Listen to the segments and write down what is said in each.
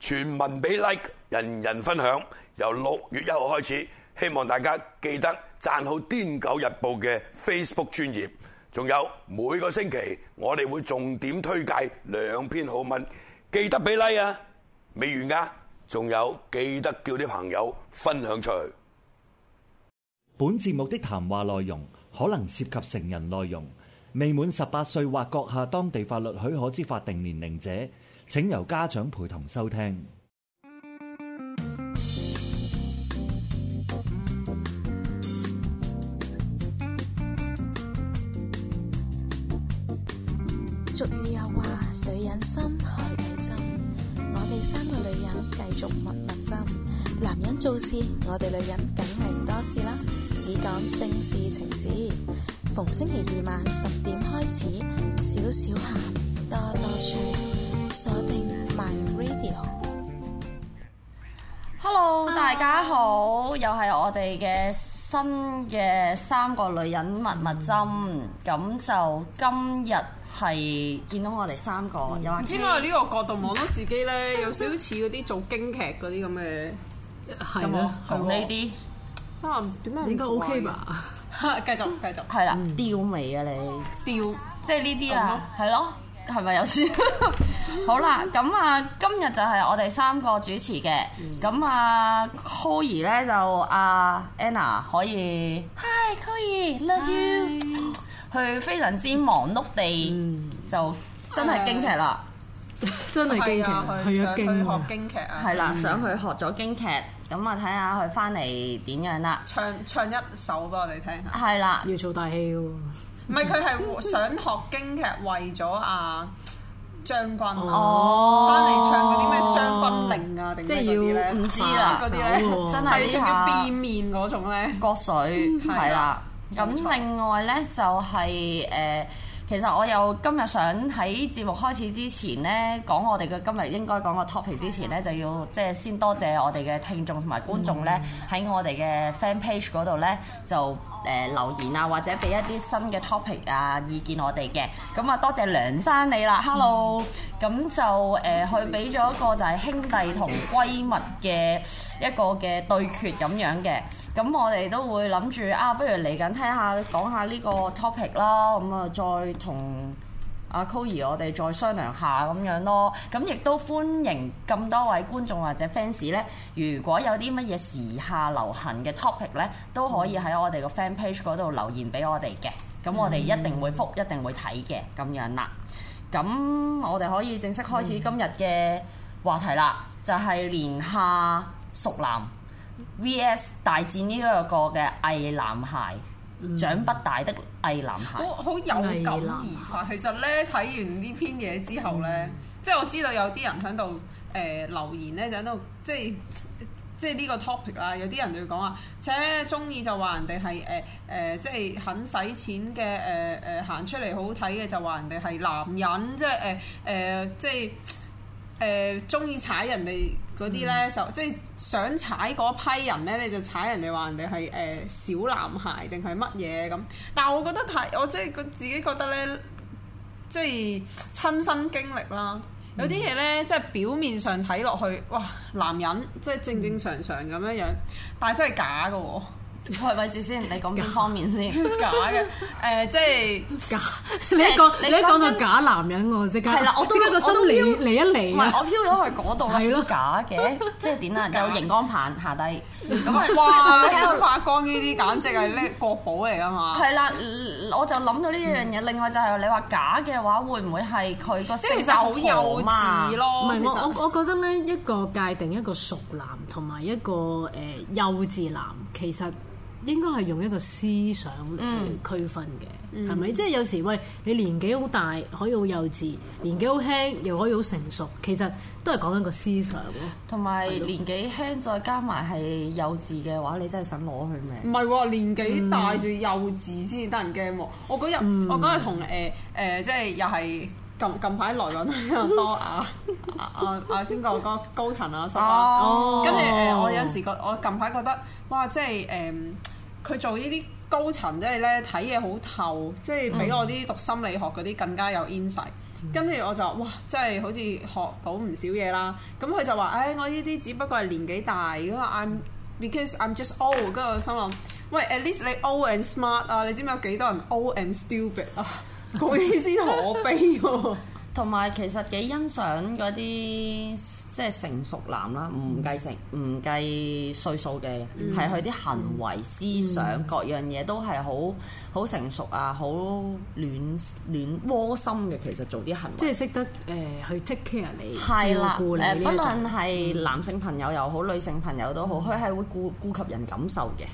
全民俾 like，人人分享。由六月一號開始，希望大家記得贊好《癲狗日報》嘅 Facebook 專頁。仲有每個星期，我哋會重點推介兩篇好文，記得俾 like 啊！未完噶，仲有記得叫啲朋友分享出去。本節目的談話內容可能涉及成人內容，未滿十八歲或閣下當地法律許可之法定年齡者。請由家長陪同收聽。俗語又話：女人心，海底針。我哋三個女人繼續密密針。男人做事，我哋女人梗係唔多事啦，只講性事情事。逢星期二晚十點開始，少少喊，多多趣。鎖定 My Radio。Hello，大家好，又係我哋嘅新嘅三個女人蜜蜜針。咁就今日係見到我哋三個，又唔知點解呢個角度，望到自己咧有少少似嗰啲做京劇嗰啲咁嘅，係咯，同呢啲啊，點解，應該 OK 吧？繼續，繼續，係啦，吊眉啊你，吊，即係呢啲啊，係咯。係咪有事？好啦，咁啊，今日就係我哋三個主持嘅。咁啊，Coir 咧就阿 Anna 可以。Hi Coir，love you。佢非常之忙碌地就真係京劇啦，真係京劇。佢啊，去學京劇啊。係啦，想去學咗京劇，咁啊睇下佢翻嚟點樣啦。唱唱一首俾我哋聽下。係啦。要做大戲喎。唔係，佢係想學京劇為、啊，為咗啊將軍啊哦，翻嚟唱嗰啲咩將軍令啊，定即係嗰啲咧，唔知啦、啊，嗰啲咧真係、這個、叫變面嗰種咧，割水係啦。咁 另外咧就係、是、誒。錯其實我又今日想喺節目開始之前呢講我哋嘅今日應該講嘅 topic 之前呢，就要即係先多謝我哋嘅聽眾同埋觀眾呢喺、嗯、我哋嘅 fan page 嗰度呢，就誒留言啊，或者俾一啲新嘅 topic 啊意見我哋嘅。咁啊，多謝梁生你啦，hello。咁就誒，佢俾咗一個就係兄弟同閨蜜嘅一個嘅對決咁樣嘅。咁我哋都會諗住啊，不如嚟緊聽下講下呢個 topic 啦。咁、嗯、啊，再同阿 K 我哋再商量下咁樣咯。咁亦都歡迎咁多位觀眾或者 fans 咧，如果有啲乜嘢時下流行嘅 topic 呢，都可以喺我哋個 fan page 嗰度留言俾我哋嘅。咁、嗯、我哋一定會覆，一定會睇嘅咁樣啦。咁我哋可以正式開始今日嘅話題啦，嗯、就係年下熟男。V.S. 大戰呢一個嘅偽男孩，嗯、長不大的偽男孩，好有感而發。其實咧，睇完呢篇嘢之後咧，嗯、即係我知道有啲人喺度誒留言咧，就喺度即係即係呢個 topic 啦。有啲人就講話，且中意就話人哋係誒誒，即係、呃、肯使錢嘅誒誒，行、呃、出嚟好睇嘅就話人哋係男人，即係誒誒，即係誒中意踩人哋。嗰啲咧就即係想踩嗰批人咧，你就踩人哋話人哋係誒小男孩定係乜嘢咁？但係我覺得太，我即係自己覺得咧，即係親身經歷啦。嗯、有啲嘢咧，即係表面上睇落去，哇！男人即係正正常常咁樣樣，嗯、但係真係假㗎喎。喂咪住先，你講邊方面先？假嘅，誒，即係假。你一講你一講到假男人，我即刻係啦，我都我都嚟嚟一嚟。唔係我飄咗去嗰度啦。係咯，假嘅，即係點啊？有熒光棒下低咁啊！哇，發光呢啲簡直係啲國寶嚟㗎嘛！係啦，我就諗到呢樣嘢。另外就係你話假嘅話，會唔會係佢個性格好幼稚咯？唔係我我我覺得咧，一個界定一個熟男同埋一個誒幼稚男，其實。應該係用一個思想去區分嘅，係咪、嗯？即係有時喂，你年紀好大可以好幼稚，年紀好輕又可以好成熟，其實都係講緊個思想咯。同埋年紀輕再加埋係幼稚嘅話，你真係想攞佢命？唔係喎，年紀大住幼稚先至得人驚喎。我嗰日我嗰日同誒誒，即係又係近近排來緊比較多啊啊啊邊個嗰高層啊，跟住誒我有陣時覺我近排覺得。哇！即係誒，佢、嗯、做呢啲高層，即係咧睇嘢好透，即係比我啲讀心理學嗰啲更加有 insight。跟住、嗯、我就哇，即係好似學到唔少嘢啦。咁佢就話，誒、哎，我呢啲只不過係年紀大。咁啊，I'm because I'm just old。跟住我心諗，喂 ，at least 你 old and smart 啊！你知唔知有幾多人 old and stupid 啊？嗰啲先可悲。同埋其實幾欣賞嗰啲。即係成熟男啦，唔計、嗯、成唔計歲數嘅，係佢啲行為、嗯、思想、嗯、各樣嘢都係好好成熟啊，好暖暖窩心嘅。其實做啲行為，即係識得誒、呃、去 take care 你，啦照顧你。誒、呃，無論係男性朋友又好，女性朋友都好，佢係、嗯、會顧顧及人感受嘅。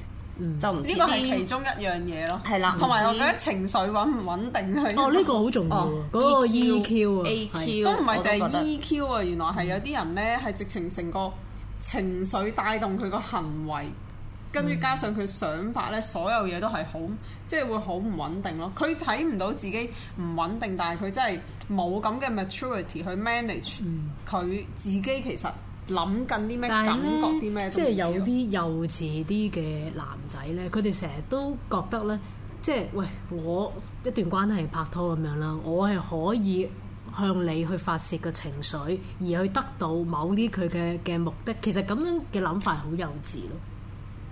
就呢個係其中一樣嘢咯，係啦、嗯。同埋我覺得情緒穩唔穩定佢哦呢、呢個好重要，嗰、哦嗰個 EQ 啊 AQ 對，都唔係淨係 EQ 啊。原來係有啲人咧係直情成個情緒帶動佢個行為，跟住、嗯、加上佢想法咧，所有嘢都係好，即、就、係、是、會好唔穩定咯。佢睇唔到自己唔穩定，但係佢真係冇咁嘅 maturity 去 manage 佢自己其實。諗緊啲咩感覺？啲咩即係有啲幼稚啲嘅男仔咧，佢哋成日都覺得咧，即係喂，我一段關係拍拖咁樣啦，我係可以向你去發泄個情緒，而去得到某啲佢嘅嘅目的。其實咁樣嘅諗法係好幼稚咯，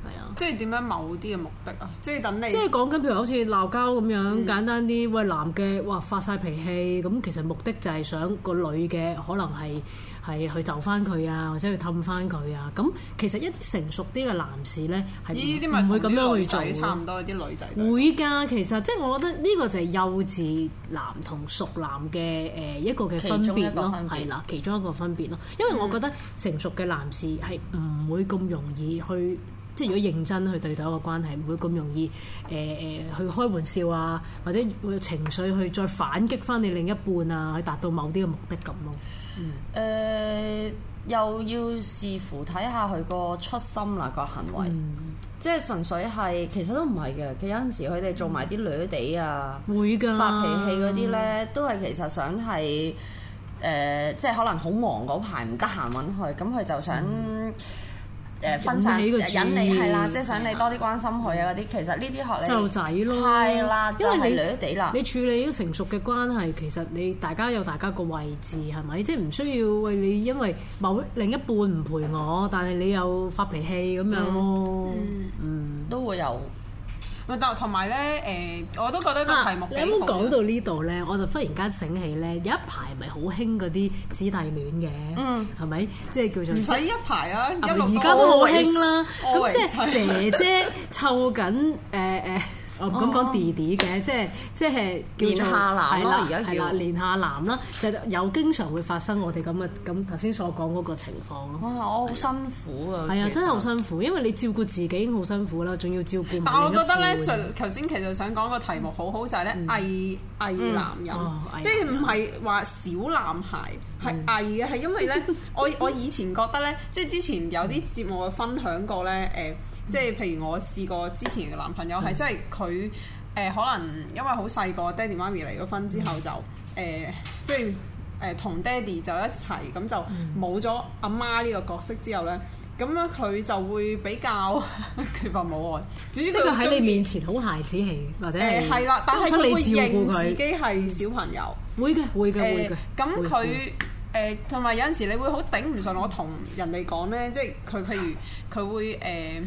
係啊。即係點樣某啲嘅目的啊？即係等你。即係講緊譬如好似鬧交咁樣簡單啲，嗯、喂，男嘅哇發晒脾氣，咁其實目的就係想個女嘅可能係。係去就翻佢啊，或者去氹翻佢啊。咁其實一啲成熟啲嘅男士咧，係唔會咁樣去做。差唔多啲女仔會㗎。其實即係、就是、我覺得呢個就係幼稚男同熟男嘅誒一個嘅分別咯。係啦，其中一個分別咯。嗯、因為我覺得成熟嘅男士係唔會咁容易去，嗯、即係如果認真去對待一個關係，唔、嗯、會咁容易誒誒、呃、去開玩笑啊，或者會情緒去再反擊翻你另一半啊，去達到某啲嘅目的咁咯。誒、嗯呃、又要視乎睇下佢個出心啦，個行為，嗯、即係純粹係其實都唔係嘅。佢有陣時佢哋做埋啲女地啊，會㗎的，發脾氣嗰啲咧，都係其實想係誒、呃，即係可能好忙嗰排唔得閒揾佢，咁佢就想、嗯。分散你個注意力，係啦，即係想你多啲關心佢啊嗰啲。其實呢啲學你細路仔咯，係啦，就係攣攣地啦。你處理啲成熟嘅關係，其實你大家有大家個位置，係咪？即係唔需要餵你，因為某另一半唔陪我，但係你又發脾氣咁樣咯。嗯，都會有。但同埋咧，誒、呃、我都覺得個題目幾好。咁講、啊、到呢度咧，我就忽然間醒起咧，有一排咪好興嗰啲姊弟戀嘅，係咪、嗯？即係叫做唔使一排啊！而家都好興啦，咁即係姐姐湊緊誒誒。啊啊 我咁講弟弟嘅，即係即係叫下男啦，係啦的，連下男啦，就是、有經常會發生我哋咁嘅咁頭先所講嗰個情況咯。哇、哦，我好辛苦啊！係啊的其實，真係好辛苦，因為你照顧自己已經好辛苦啦，仲要照顧。但我覺得咧，最頭先其實想講個題目好好就係、是、咧，偽偽、嗯、男人，哦、男人即係唔係話小男孩係偽嘅，係、嗯、因為咧，我 我以前覺得咧，即係之前有啲節目分享過咧，誒、呃。即係譬如我試過之前嘅男朋友係，即係佢誒可能因為好細個，爹哋媽咪離咗婚之後就誒，即係誒同爹哋就一齊，咁就冇咗阿媽呢個角色之後咧，咁樣佢就會比較缺乏母愛。總之佢喺你面前好孩子氣，或者係、呃，啦，但係佢會認自己係小朋友。會嘅，會嘅、呃，會嘅。咁佢誒同埋有陣時你會好頂唔順，我同人哋講咧，即係佢譬如佢會誒。呃呃呃呃呃呃呃呃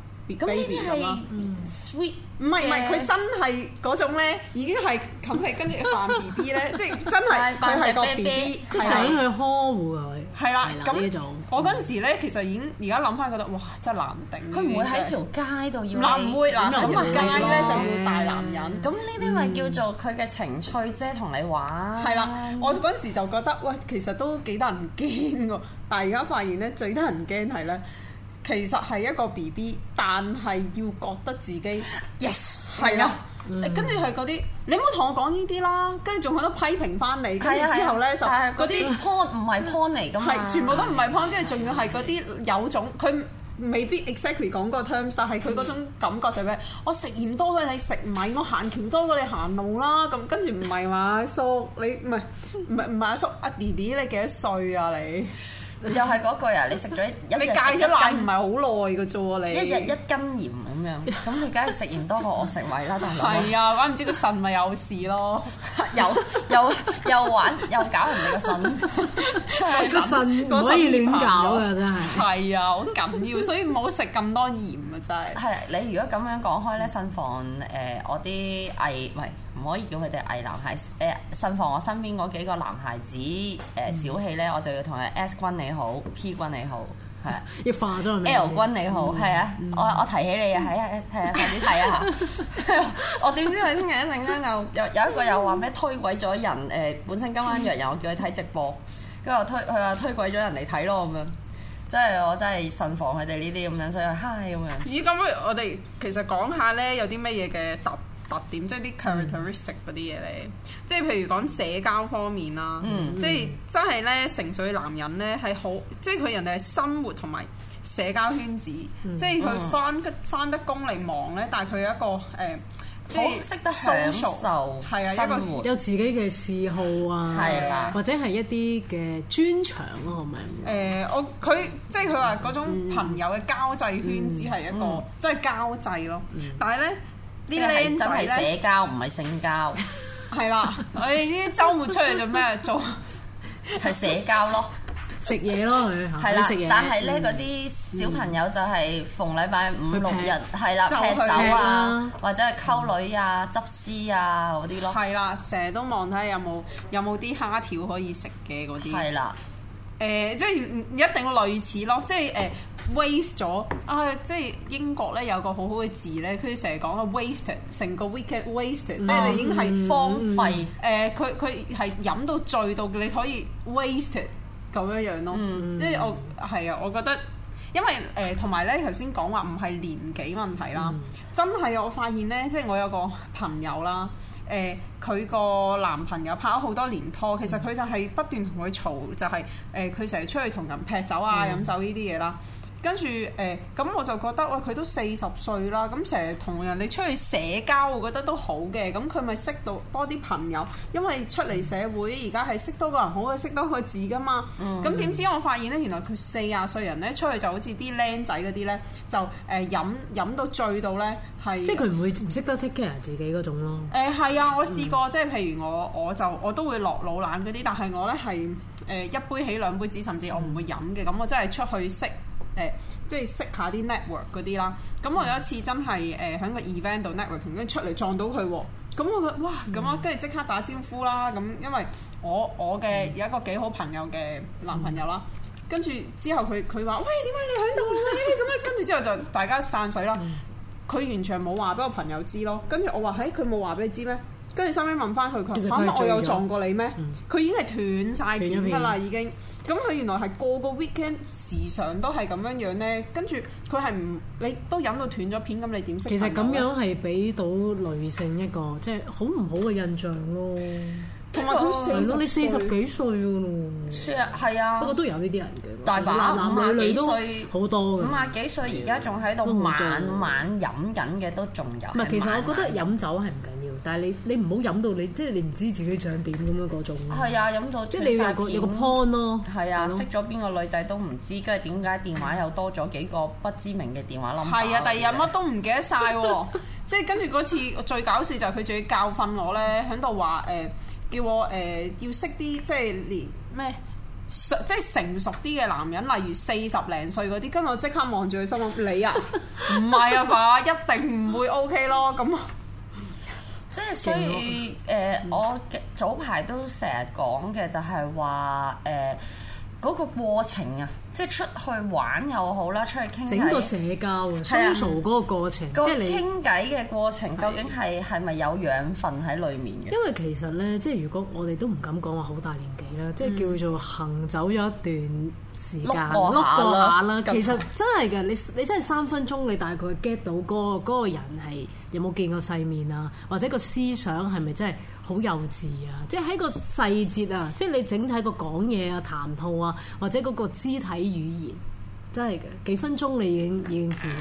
咁呢啲係 sweet，唔係唔係佢真係嗰種咧，已經係冚被跟住扮 B B 咧，即係真係佢係個 B B，即係想去呵護佢。係啦，咁我嗰陣時咧，其實已經而家諗翻覺得哇，真係難頂。佢唔會喺條街度要，唔會嗱咁啊，街咧就要大男人。咁呢啲咪叫做佢嘅情趣啫，同你玩。係啦，我嗰陣時就覺得喂，其實都幾得人驚喎，但係而家發現咧，最得人驚係咧。其實係一個 B B，但係要覺得自己 yes 係啦。跟住係嗰啲，你唔好同我講呢啲啦。跟住仲好多批評翻你。跟、啊、之後咧就嗰啲 point 唔係 point 嚟㗎嘛，全部都唔係 point。跟住仲要係嗰啲有種，佢未必 exactly 講個 terms，但係佢嗰種感覺就係、是、咩？我食鹽多過你食米，我行橋多過你行路啦。咁跟住唔係嘛，阿叔、 so, 你唔係唔係唔係阿叔阿弟弟你，你幾多歲啊你？你 又係嗰句啊！你食咗一戒日 一,一斤唔係好耐嘅啫，一日一斤鹽。咁你梗係食鹽多過我食米啦，大佬。係啊，玩唔知個腎咪有事咯，又又又玩又搞唔你個腎，個 腎唔 可以亂搞噶，真係。係啊，好緊要，所以唔好食咁多鹽 啊，真係。係你如果咁樣講開咧，慎防誒、呃、我啲偽喂、唔可以叫佢哋偽男孩誒，慎、呃、防我身邊嗰幾個男孩子誒、呃、小氣咧，我就要同佢 S 君你好，P 君你好。係啊，液化咗。L 君你好，係啊，我我提起你啊，喺喺係啊，快啲睇一下。 我點知佢聽日一陣間又有有一個又話咩推鬼咗人？誒，本身今晚約人，我叫佢睇直播，跟住又推，佢話推鬼咗人嚟睇咯咁樣。即係我真係慎防佢哋呢啲咁樣，所以 hi 咁 樣。咦？咁不如我哋其實講下咧，有啲咩嘢嘅特？特點即係啲 characteristic 嗰啲嘢咧，即係譬如講社交方面啦，即係真係咧成熟男人咧係好，即係佢人哋係生活同埋社交圈子，即係佢翻翻得工嚟忙咧，但係佢有一個誒，即係識得享受，係啊，一個有自己嘅嗜好啊，或者係一啲嘅專長咯，係咪？誒，我佢即係佢話嗰種朋友嘅交際圈子係一個即係交際咯，但係咧。呢個係真係社交，唔係性交。係啦，我哋呢啲週末出嚟做咩做？係社交咯，食嘢咯，佢係啦。但係咧，嗰啲小朋友就係逢禮拜五六日係啦，劈酒啊，或者係溝女啊、執屍啊嗰啲咯。係啦，成日都望睇下有冇有冇啲蝦條可以食嘅嗰啲。係啦，誒，即係唔一定類似咯，即係誒。waste 咗啊！即係英國咧，有個好好嘅字咧，佢成日講啊 wasted，成個 weekend wasted，即係你已經係荒廢。誒、嗯，佢佢係飲到醉到嘅，你可以 wasted 咁樣樣咯。嗯、即係我係啊，我覺得因為誒同埋咧，頭先講話唔係年紀問題啦，嗯、真係我發現咧，即係我有個朋友啦，誒佢個男朋友拍咗好多年拖，其實佢就係不斷同佢嘈，就係誒佢成日出去同人劈酒啊、飲酒呢啲嘢啦。嗯跟住誒，咁、欸、我就覺得喂，佢、欸、都四十歲啦。咁成日同人哋出去社交，我覺得都好嘅。咁佢咪識到多啲朋友，因為出嚟社會而家係識多個人好過識多個字噶嘛。咁點、嗯、知我發現咧，原來佢四啊歲人咧出去就好似啲僆仔嗰啲咧，就誒、呃、飲飲到醉到咧，係即係佢唔會唔識得 take care 自己嗰種咯。誒係、欸、啊，我試過即係、嗯、譬如我我就我都會落老蘭嗰啲，但係我咧係誒一杯起兩杯止，甚至我唔會飲嘅。咁我真係出去識。誒，即係識下啲 network 嗰啲啦。咁我有一次真係誒，喺個 event 度 networking，跟住出嚟撞到佢喎。咁我覺得哇，咁啊、嗯，跟住即刻打招呼啦。咁因為我我嘅有一個幾好朋友嘅男朋友啦。跟住、嗯、之後佢佢話：喂，點解你喺度咧？咁啊，跟住、嗯、之後就大家散水啦。佢完全冇話俾我朋友知咯。跟住我話：嘿、欸，佢冇話俾你知咩？跟住收尾問翻佢，佢話乜我有撞過你咩？佢、嗯、已經係斷晒片㗎啦，已經。咁佢原來係個個 weekend 時常都係咁樣樣咧。跟住佢係唔你都飲到斷咗片，咁你點識？其實咁樣係俾到女性一個即係、就是、好唔好嘅印象咯。同埋佢四你四十幾歲嘅咯。係啊，不過都有呢啲人嘅，啊、人男男女女都好多嘅。五啊幾歲而家仲喺度晚晚飲緊嘅都仲有滿滿。唔係，其實我覺得飲酒係唔緊。但係你你唔好飲到你即係、就是、你唔知自己想點咁樣嗰種。係啊，飲到即係你要有個有個 plan 咯。係啊，啊對吧 識咗邊個女仔都唔知，跟住點解電話又多咗幾個不知名嘅電話 number 係啊，第二日乜都唔記得晒喎！ 即係跟住嗰次最搞笑就係佢仲要教訓我咧，喺度話誒叫我誒、呃、要識啲即係連咩即係成熟啲嘅男人，例如四十零歲嗰啲。跟住我即刻望住佢，心諗 你啊，唔係啊吧，一定唔會 OK 咯咁即係所以誒、呃，我早排都成日講嘅就係話誒嗰個過程啊，即係出去玩又好啦，出去傾整個社交 social 嗰個過程，即係你傾偈嘅過程，究竟係係咪有養分喺裡面嘅？因為其實咧，即係如果我哋都唔敢講話好大年紀啦，即係叫做行走咗一段時間碌過、嗯、下啦，下今天 其實真係嘅， 你你真係三分鐘，你大概 get 到嗰嗰個人係。有冇見過世面啊？或者個思想係咪真係好幼稚啊？即係喺個細節啊，即係你整體個講嘢啊、談吐啊，或者嗰個肢體語言，真係嘅幾分鐘你已經已經知道。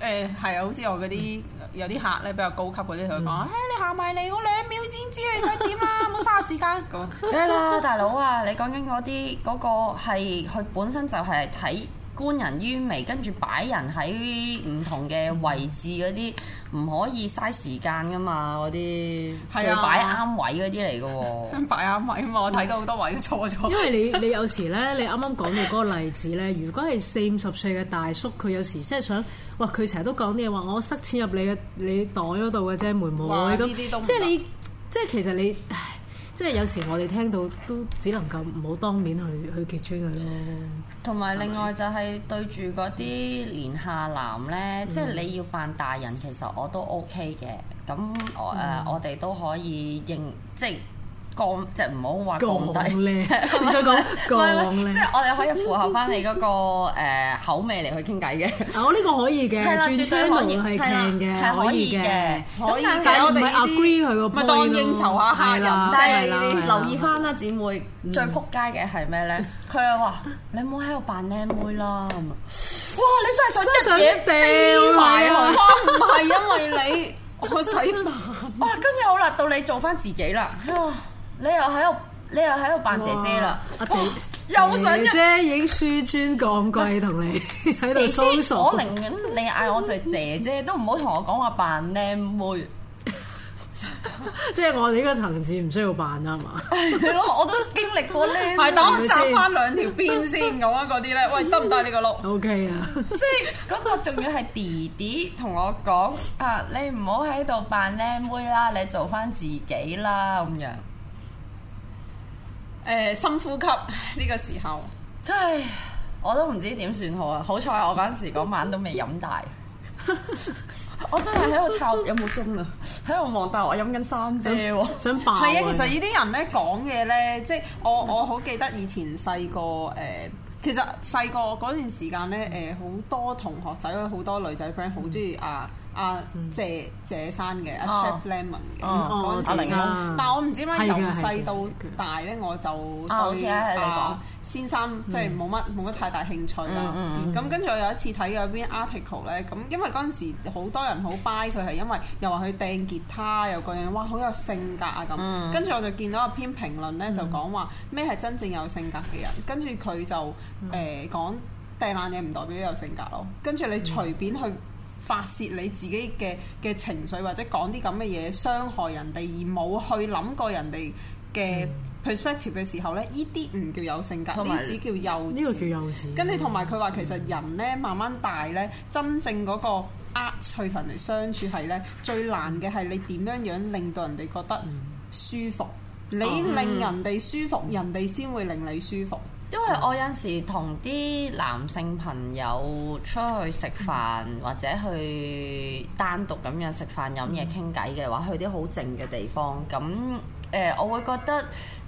誒係啊，好似我嗰啲有啲客咧比較高級嗰啲，佢講、嗯哎、你行埋嚟，我兩秒先知你想點啦、啊，唔好嘥時間。梗係啦， 大佬啊，你講緊嗰啲嗰個係佢本身就係睇。觀人於微，跟住擺人喺唔同嘅位置嗰啲，唔可以嘥時間噶嘛，嗰啲就擺啱位嗰啲嚟嘅喎。 擺啱位啊嘛，我睇到好多位都錯咗。因為你你有時咧，你啱啱講嘅嗰個例子咧， 如果係四五十歲嘅大叔，佢有時即係想，哇！佢成日都講啲嘢話，我塞錢入你嘅你袋嗰度嘅啫，妹妹咁。即係你，即係其實你。唉。即係有時我哋聽到都只能夠唔好當面去去揭穿佢咯。同埋另外就係對住嗰啲年下男咧，嗯、即係你要扮大人，其實我都 OK 嘅。咁我誒、嗯呃、我哋都可以認即係。講即係唔好話講好靚，唔想講講即係我哋可以符合翻你嗰個口味嚟去傾偈嘅。我呢個可以嘅，絕對可以，係可以嘅。可以係我哋阿 Grace 佢個 pose 當應酬下客人，即係呢留意翻啦，姊妹。最撲街嘅係咩咧？佢又話：你唔好喺度扮靚妹啦！哇！你真係想一嘢掉埋啊！唔係因為你，我洗麻。哇！跟住好啦，到你做翻自己啦。你又喺度，你又喺度扮姐姐啦，阿姐又想啫，屈尊降貴同你喺度搜索。我寧願，你嗌我做姐姐都唔好同我講話扮靚妹，即係我哋呢個層次唔需要扮啦，係嘛？我都經歷過靚妹先，係當紮翻兩條辮先咁啊！嗰啲咧，喂得唔得呢個碌。OK 啊，即係嗰個仲要係弟弟同我講啊，你唔好喺度扮靚妹啦，你做翻自己啦咁樣。誒、呃、深呼吸呢、呢個時候，真係我都唔知點算好啊！好彩我嗰時嗰晚都未飲大， 我真係喺度抄有冇鐘啊，喺度望大，我飲緊三杯想爆係啊！其實呢啲人咧講嘢咧， 即係我我好記得以前細個誒。呃其實細個嗰段時間咧，誒好多同學仔，好多女仔 friend 好中意阿阿謝謝生嘅，阿、啊、Chef Lemon 嘅嗰陣時，但係我唔知點解由細到大咧，我就對啊。啊先生即係冇乜冇乜太大興趣啦。咁跟住我有一次睇嗰篇 article 咧，咁因為嗰陣時好多人好 buy 佢係因為又話佢掟吉他又個樣，哇好有性格啊咁。跟住、嗯、我就見到一篇評論呢，就講話咩係真正有性格嘅人，跟住佢就誒講掟爛嘢唔代表有性格咯。跟住你隨便去發泄你自己嘅嘅情緒或者講啲咁嘅嘢傷害人哋，而冇去諗過人哋嘅。嗯 Perspective 嘅時候呢，呢啲唔叫有性格，依啲只叫幼稚。呢個叫幼稚。跟住同埋佢話，其實人呢慢慢大呢，嗯、真正嗰個呃去同人哋相處係呢，最難嘅係你點樣樣令到人哋覺得舒服。嗯、你令人哋舒服，嗯、人哋先會令你舒服。因為我有時同啲男性朋友出去食飯，嗯、或者去單獨咁樣食飯飲嘢傾偈嘅話，去啲好靜嘅地方咁，誒、呃，我會覺得。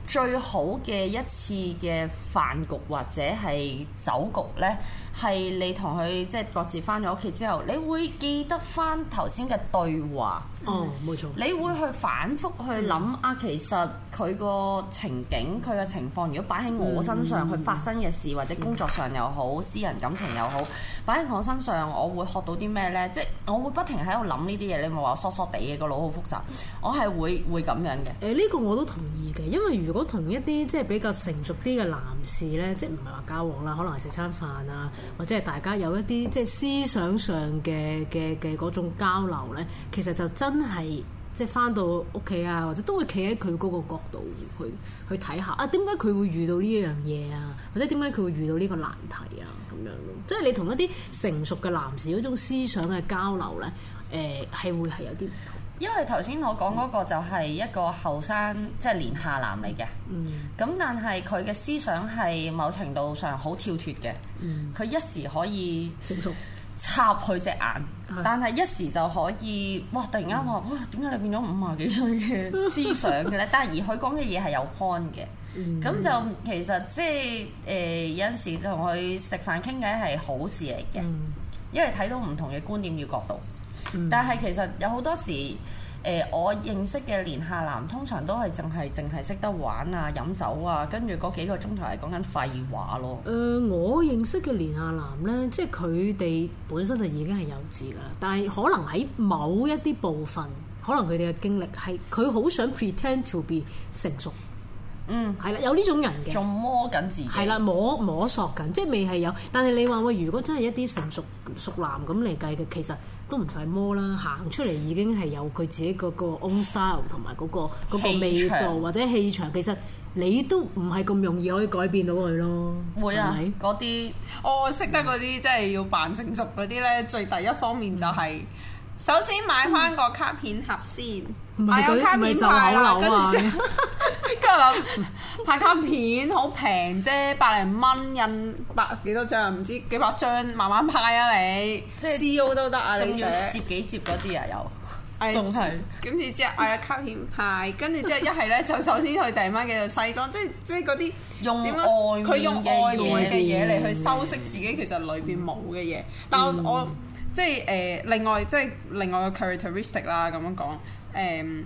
最好嘅一次嘅飯局或者係酒局咧。係你同佢即係各自翻咗屋企之後，你會記得翻頭先嘅對話。哦、嗯，冇錯。你會去反覆去諗啊，嗯、其實佢個情景、佢嘅、嗯、情況，如果擺喺我身上，佢、嗯、發生嘅事，或者工作上又好，私人感情又好，擺喺我身上，我會學到啲咩呢？即、就、係、是、我會不停喺度諗呢啲嘢。你唔係話疏疏地嘅個腦好複雜，我係會會咁樣嘅。誒、欸，呢、這個我都同意嘅，因為如果同一啲即係比較成熟啲嘅男士呢，即係唔係話交往啦，可能係食餐飯啊。或者係大家有一啲即係思想上嘅嘅嘅嗰種交流咧，其實就真係即係翻到屋企啊，或者都會企喺佢嗰個角度去去睇下啊，點解佢會遇到呢一樣嘢啊？或者點解佢會遇到呢個難題啊？咁樣咯，嗯、即係你同一啲成熟嘅男士嗰種思想嘅交流咧，誒、呃，係會係有啲。因為頭先我講嗰個就係一個後生，即係年下男嚟嘅。咁但係佢嘅思想係某程度上好跳脱嘅。佢、嗯、一時可以插佢隻眼，嗯、但係一時就可以哇！突然間話、嗯、哇，點解你變咗五廿幾歲嘅思想嘅咧？ 但係而佢講嘅嘢係有 point 嘅。咁、嗯、就其實即係誒、呃、有陣時同佢食飯傾偈係好事嚟嘅，嗯、因為睇到唔同嘅觀念與角度。但係其實有好多時，誒、呃、我認識嘅年下男通常都係淨係淨係識得玩啊、飲酒啊，跟住嗰幾個鐘頭係講緊廢話咯。誒、呃，我認識嘅年下男呢，即係佢哋本身就已經係幼稚啦，但係可能喺某一啲部分，可能佢哋嘅經歷係佢好想 pretend to be 成熟。嗯，係啦，有呢種人嘅，仲摸緊自己，係啦，摸摸索緊，即係未係有。但係你話喂，如果真係一啲成熟熟男咁嚟計嘅，其實～都唔使摸啦，行出嚟已經係有佢自己嗰個 own style 同埋嗰個嗰個味道或者氣場。其實你都唔係咁容易可以改變到佢咯，唔係嗰啲我識得嗰啲，嗯、即係要扮成熟嗰啲呢。最第一方面就係、是。嗯首先買翻個卡片盒先，買個、啊、卡片牌啦。跟住諗拍卡片好平啫，百零蚊印百幾多，多張唔知幾百張，慢慢派啊你。即係 C O 都得啊，你仲要接幾接嗰啲啊？又仲係跟住之後嗌卡片牌，跟住之後一係咧就首先去訂翻幾套西裝，即係即係嗰啲用點樣佢用外邊嘅嘢嚟去修飾自己，其實裏邊冇嘅嘢，嗯、但我。嗯即係誒、呃，另外即係另外個 characteristic 啦，咁樣講誒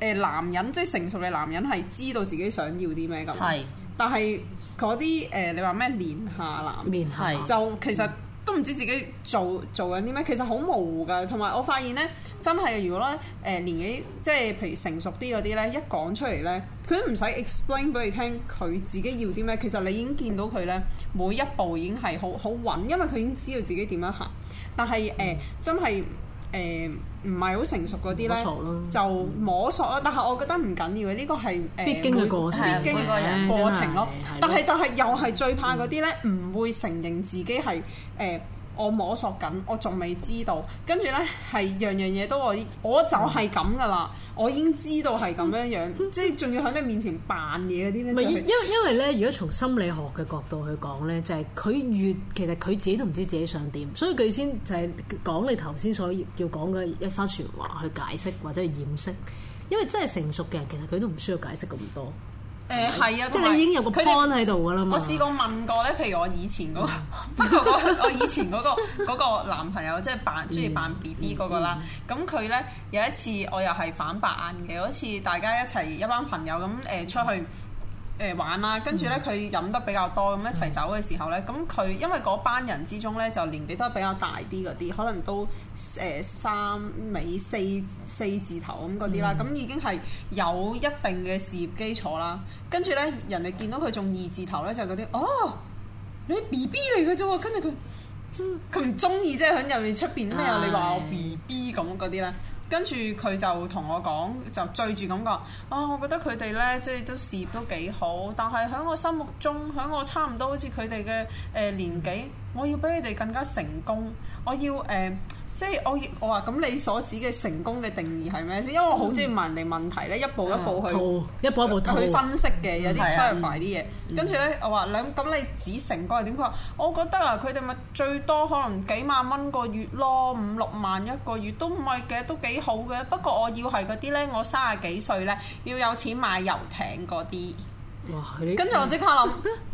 誒，男人即係成熟嘅男人係知道自己想要啲咩咁。係是，但係嗰啲誒，你話咩年下男，年下是就其實都唔知自己做做緊啲咩。其實好模糊噶。同埋我發現咧，真係如果咧誒、呃、年紀即係譬如成熟啲嗰啲咧，一講出嚟咧，佢都唔使 explain 俾你聽佢自己要啲咩。其實你已經見到佢咧每一步已經係好好穩，因為佢已經知道自己點樣行。但係誒、呃、真係誒唔係好成熟嗰啲咧，摸就摸索咯。但係我覺得唔緊要嘅，呢個係誒必經嘅過程，必經嘅過程咯。但係就係又係最怕嗰啲咧，唔、嗯、會承認自己係誒。呃我摸索緊，我仲未知道。跟住呢，係樣樣嘢都我，我就係咁㗎喇。我已經知道係咁樣樣， 即係仲要喺你面前扮嘢嗰啲呢？因為因為咧，如果從心理學嘅角度去講呢，就係、是、佢越其實佢自己都唔知自己想點，所以佢先就係講你頭先所要講嘅一番說話去解釋或者去掩飾，因為真係成熟嘅人其實佢都唔需要解釋咁多。誒係、呃、啊，即係你已經有個框喺度嘅啦。我試過問過咧，譬如我以前嗰、嗰個，不過 我以前嗰、嗰個嗰個男朋友即係扮中意扮 B B 嗰個啦。咁佢咧，有一次我又係反白眼嘅，有一次大家一齊一班朋友咁誒出去。嗯誒玩啦，跟住咧佢飲得比較多，咁、嗯、一齊走嘅時候咧，咁佢、嗯、因為嗰班人之中咧就年紀都比較大啲嗰啲，可能都誒三尾四四字頭咁嗰啲啦，咁、嗯、已經係有一定嘅事業基礎啦。跟住咧人哋見到佢仲二字頭咧，就嗰啲哦，你 B B 嚟嘅啫喎，跟住佢佢唔中意即係喺入面出邊咩啊？哎、你話我 B B 咁嗰啲咧。跟住佢就同我講，就追住感覺啊、哦！我覺得佢哋呢，即係都事業都幾好，但係喺我心目中，喺我差唔多好似佢哋嘅誒年紀，我要比佢哋更加成功，我要誒。呃即係我我話咁，你所指嘅成功嘅定義係咩先？因為我好中意問人哋問題咧，一步一步去、嗯、一步一步去分析嘅，有啲 clarify 啲嘢。跟住咧，我話你咁你指成功係點？佢話我覺得啊，佢哋咪最多可能幾萬蚊個月咯，五六萬一個月都唔係嘅，都幾好嘅。不過我要係嗰啲咧，我三十幾歲咧要有錢買遊艇嗰啲。跟住我即刻諗，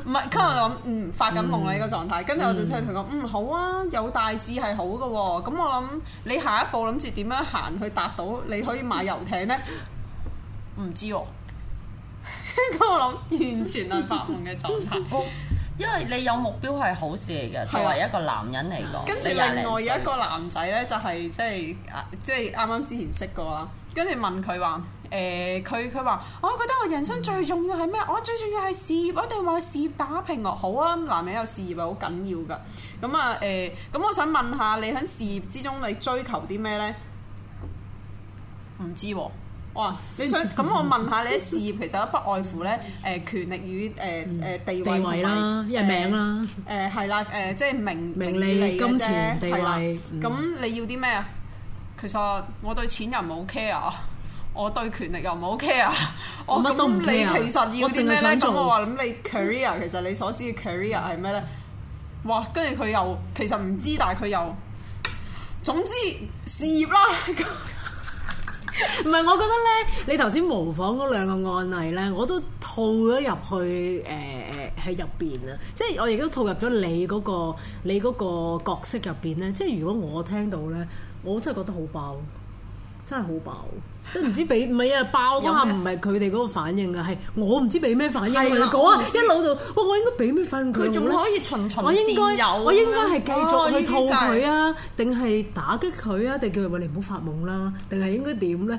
唔係， 即刻我就諗，嗯，發緊夢啦呢個狀態。跟住、嗯、我就即刻同佢講，嗯，好啊，有大志係好㗎喎，啊。咁我諗，你下一步諗住點樣行去達到，你可以買遊艇呢？唔知哦，啊。咁 我諗，完全係發夢嘅狀態。因為你有目標係好事嚟嘅，作為一個男人嚟講。跟住、啊，另外一個男仔呢，就係，就係即係，即係啱啱之前識過啦。跟住問佢話。誒佢佢話，我、哦、覺得我人生最重要係咩？我、哦、最重要係事業啊！定話事業打平樂好啊！男人有事業係好緊要噶。咁啊誒，咁、嗯、我想問下你喺事業之中你追求啲咩咧？唔知喎、啊，哇！你想咁、嗯、我問下你啲事業其實都不外乎咧誒、呃、權力與誒誒、呃、地位啦，一係、嗯、名啦。誒係啦，誒即係名名利、金錢、地位。咁、嗯、你要啲咩啊？其實我對錢又唔冇 care 啊。我對權力又唔好 care 啊！我乜都你、啊、其實我啲咩想？咁我話，咁你 career 其實你所知嘅 career 係咩咧？哇！跟住佢又其實唔知，但係佢又總之事業啦。唔 係我覺得咧，你頭先模仿嗰兩個案例咧，我都套咗入去誒誒喺入邊啊！即係我亦都套入咗你嗰、嗰個你個角色入邊咧。即係如果我聽到咧，我真係覺得好爆，真係好爆。真唔知俾唔係啊，包啊，唔係佢哋嗰個反應啊，係我唔知俾咩反應。係的啊，我一腦到，我我應該俾咩反應佢？佢仲可以循循善誘啊！我我應該係繼續去套佢啊，定係、哦就是、打擊佢啊，定叫佢話你唔好發夢啦、啊，定係應該點咧？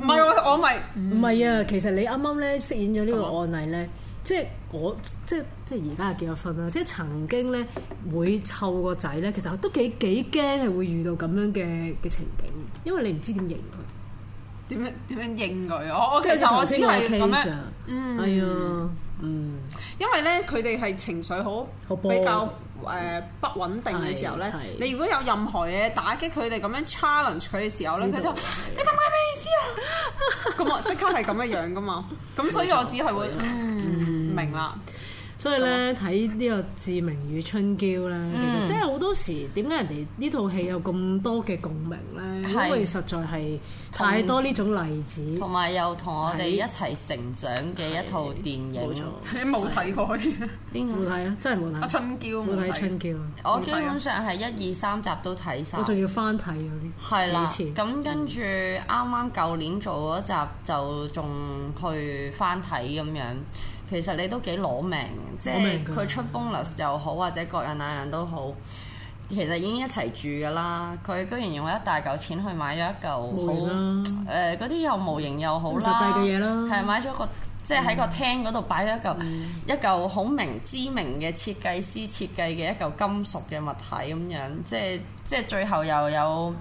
唔係、嗯、我我咪唔係啊！其實你啱啱咧飾演咗呢個案例咧。嗯即係我即係即係而家係結咗婚啦！即係曾經咧會湊個仔咧，其實都幾幾驚係會遇到咁樣嘅嘅情景，因為你唔知點應佢，點樣點樣應佢？我我其實我只係咁樣，嗯，係啊、嗯，嗯，因為咧佢哋係情緒好比較誒不穩定嘅時候咧，你如果有任何嘢打擊佢哋咁樣 challenge 佢嘅時候咧，佢道就的你咁嘅咩意思啊？咁我即刻係咁嘅樣噶嘛？咁所以我只係會 明啦，所以咧睇呢個《志明與春嬌》咧，其實即係好多時點解人哋呢套戲有咁多嘅共鳴咧？因為實在係太多呢種例子，同埋又同我哋一齊成長嘅一套電影。冇錯，你冇睇過啲邊個冇睇啊？真係冇睇春嬌，冇睇春嬌。我基本上係一二三集都睇晒。我仲要翻睇嗰啲，以前咁跟住啱啱舊年做嗰集，就仲去翻睇咁樣。其實你都幾攞命，即係佢出 bonus 又好，或者各樣那樣都好，其實已經一齊住噶啦。佢居然用一大嚿錢去買咗一嚿，好，嗰啲、呃、又模型又好啦，實際嘅嘢啦，係買咗個即係喺個廳嗰度擺咗一嚿、嗯、一嚿好名知名嘅設計師設計嘅一嚿金屬嘅物體咁樣，即係即係最後又有。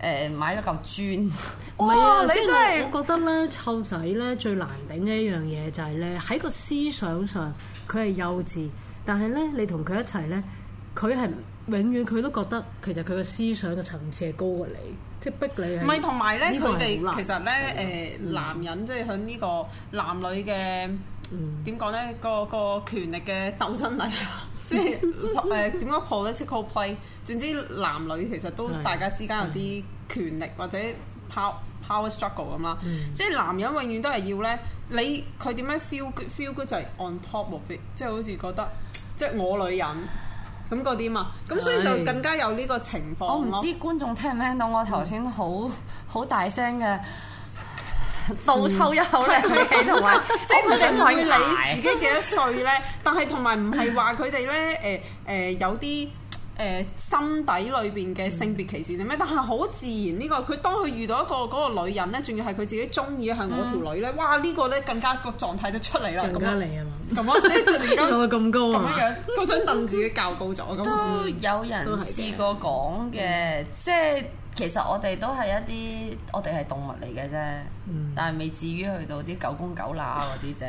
誒買咗嚿磚、哦，唔係啊！即係你真係我覺得咧，湊仔咧最難頂嘅一樣嘢就係、是、咧，喺個思想上佢係幼稚，但係咧你同佢一齊咧，佢係永遠佢都覺得其實佢個思想嘅層次係高過你，即係逼你唔係，同埋咧，佢哋其實咧誒、嗯呃、男人即係喺呢個男女嘅點講咧個、個個權力嘅鬥爭嚟啊！ 即係誒點講 political play，總之男女其實都大家之間有啲權力或者 pow power struggle 咁啦。嗯、即係男人永遠都係要咧，你佢點樣 feel feel good 就係 on top of it，即係好似覺得即係我女人咁嗰啲嘛。咁、啊、是所以就更加有呢個情況。我唔知觀眾聽唔聽到我頭先好好大聲嘅。嗯倒抽一口咧，同埋即係佢想唔會理自己幾多歲咧，但係同埋唔係話佢哋咧，誒誒有啲誒心底裏邊嘅性別歧視啲咩？但係好自然呢個，佢當佢遇到一個嗰個女人咧，仲要係佢自己中意係我條女咧，哇！呢個咧更加個狀態就出嚟啦，更加理啊嘛，咁啊，點解講到咁高咁樣樣都將凳子嘅較高咗，咁都有人試過講嘅，即係。其實我哋都係一啲，我哋係動物嚟嘅啫，但係未至於去到啲狗公狗乸嗰啲啫。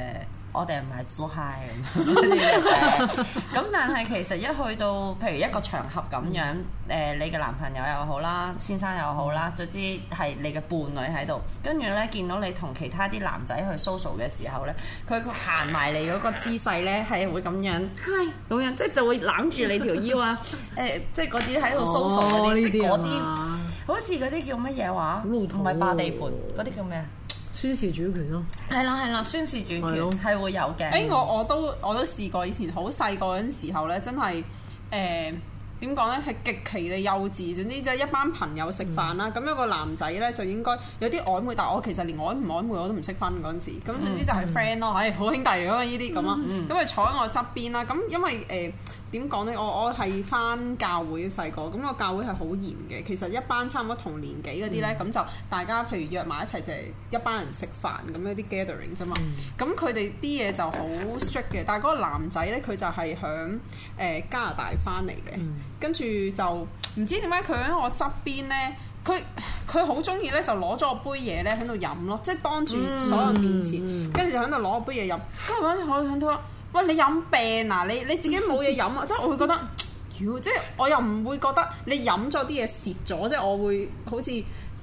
我哋唔係做嗨咁，但係其實一去到，譬如一個場合咁樣，誒、呃，你嘅男朋友又好啦，先生又好啦，總之係你嘅伴侶喺度，跟住呢，見到你同其他啲男仔去 so 嘅時候呢，佢行埋嚟嗰個姿勢呢係會咁樣，係咁樣，即係就會攬住你條腰啊，誒、 呃，即係嗰啲喺度 so 啲、哦。即是 好似嗰啲叫乜嘢話，唔同埋霸地盤嗰啲叫咩啊？宣示主權咯。係啦係啦，宣示主權係會有嘅。誒，我我都我都試過，以前好細個嗰陣時候咧，真係誒點講咧，係極其嘅幼稚總、嗯。總之就一班朋友食飯啦，咁一個男仔咧就應該有啲曖昧，但係我其實連曖唔曖昧我都唔識分嗰陣時。咁總之就係 friend 咯，係好兄弟咯呢啲咁咯。咁佢坐喺我側邊啦，咁、嗯嗯、因為誒。點講呢？我我係返教會細個，咁、那個教會係好嚴嘅。其實一班差唔多同年紀嗰啲呢，咁、嗯、就大家譬如約埋一齊就係、是、一班人食飯咁樣啲 gathering 啫嘛。咁佢哋啲嘢就好 strict 嘅。但係嗰個男仔呢，佢就係響誒加拿大返嚟嘅，跟住、嗯、就唔知點解佢喺我側邊呢，佢佢好中意呢，就攞咗我杯嘢呢喺度飲咯，即係當住所有人面前，跟住、嗯嗯嗯、就喺度攞個杯嘢飲。跟住嗰陣我喂，你飲病嗱、啊？你你自己冇嘢飲啊！ 即係我會覺得， 即係我又唔會覺得你飲咗啲嘢蝕咗，即係 我會好似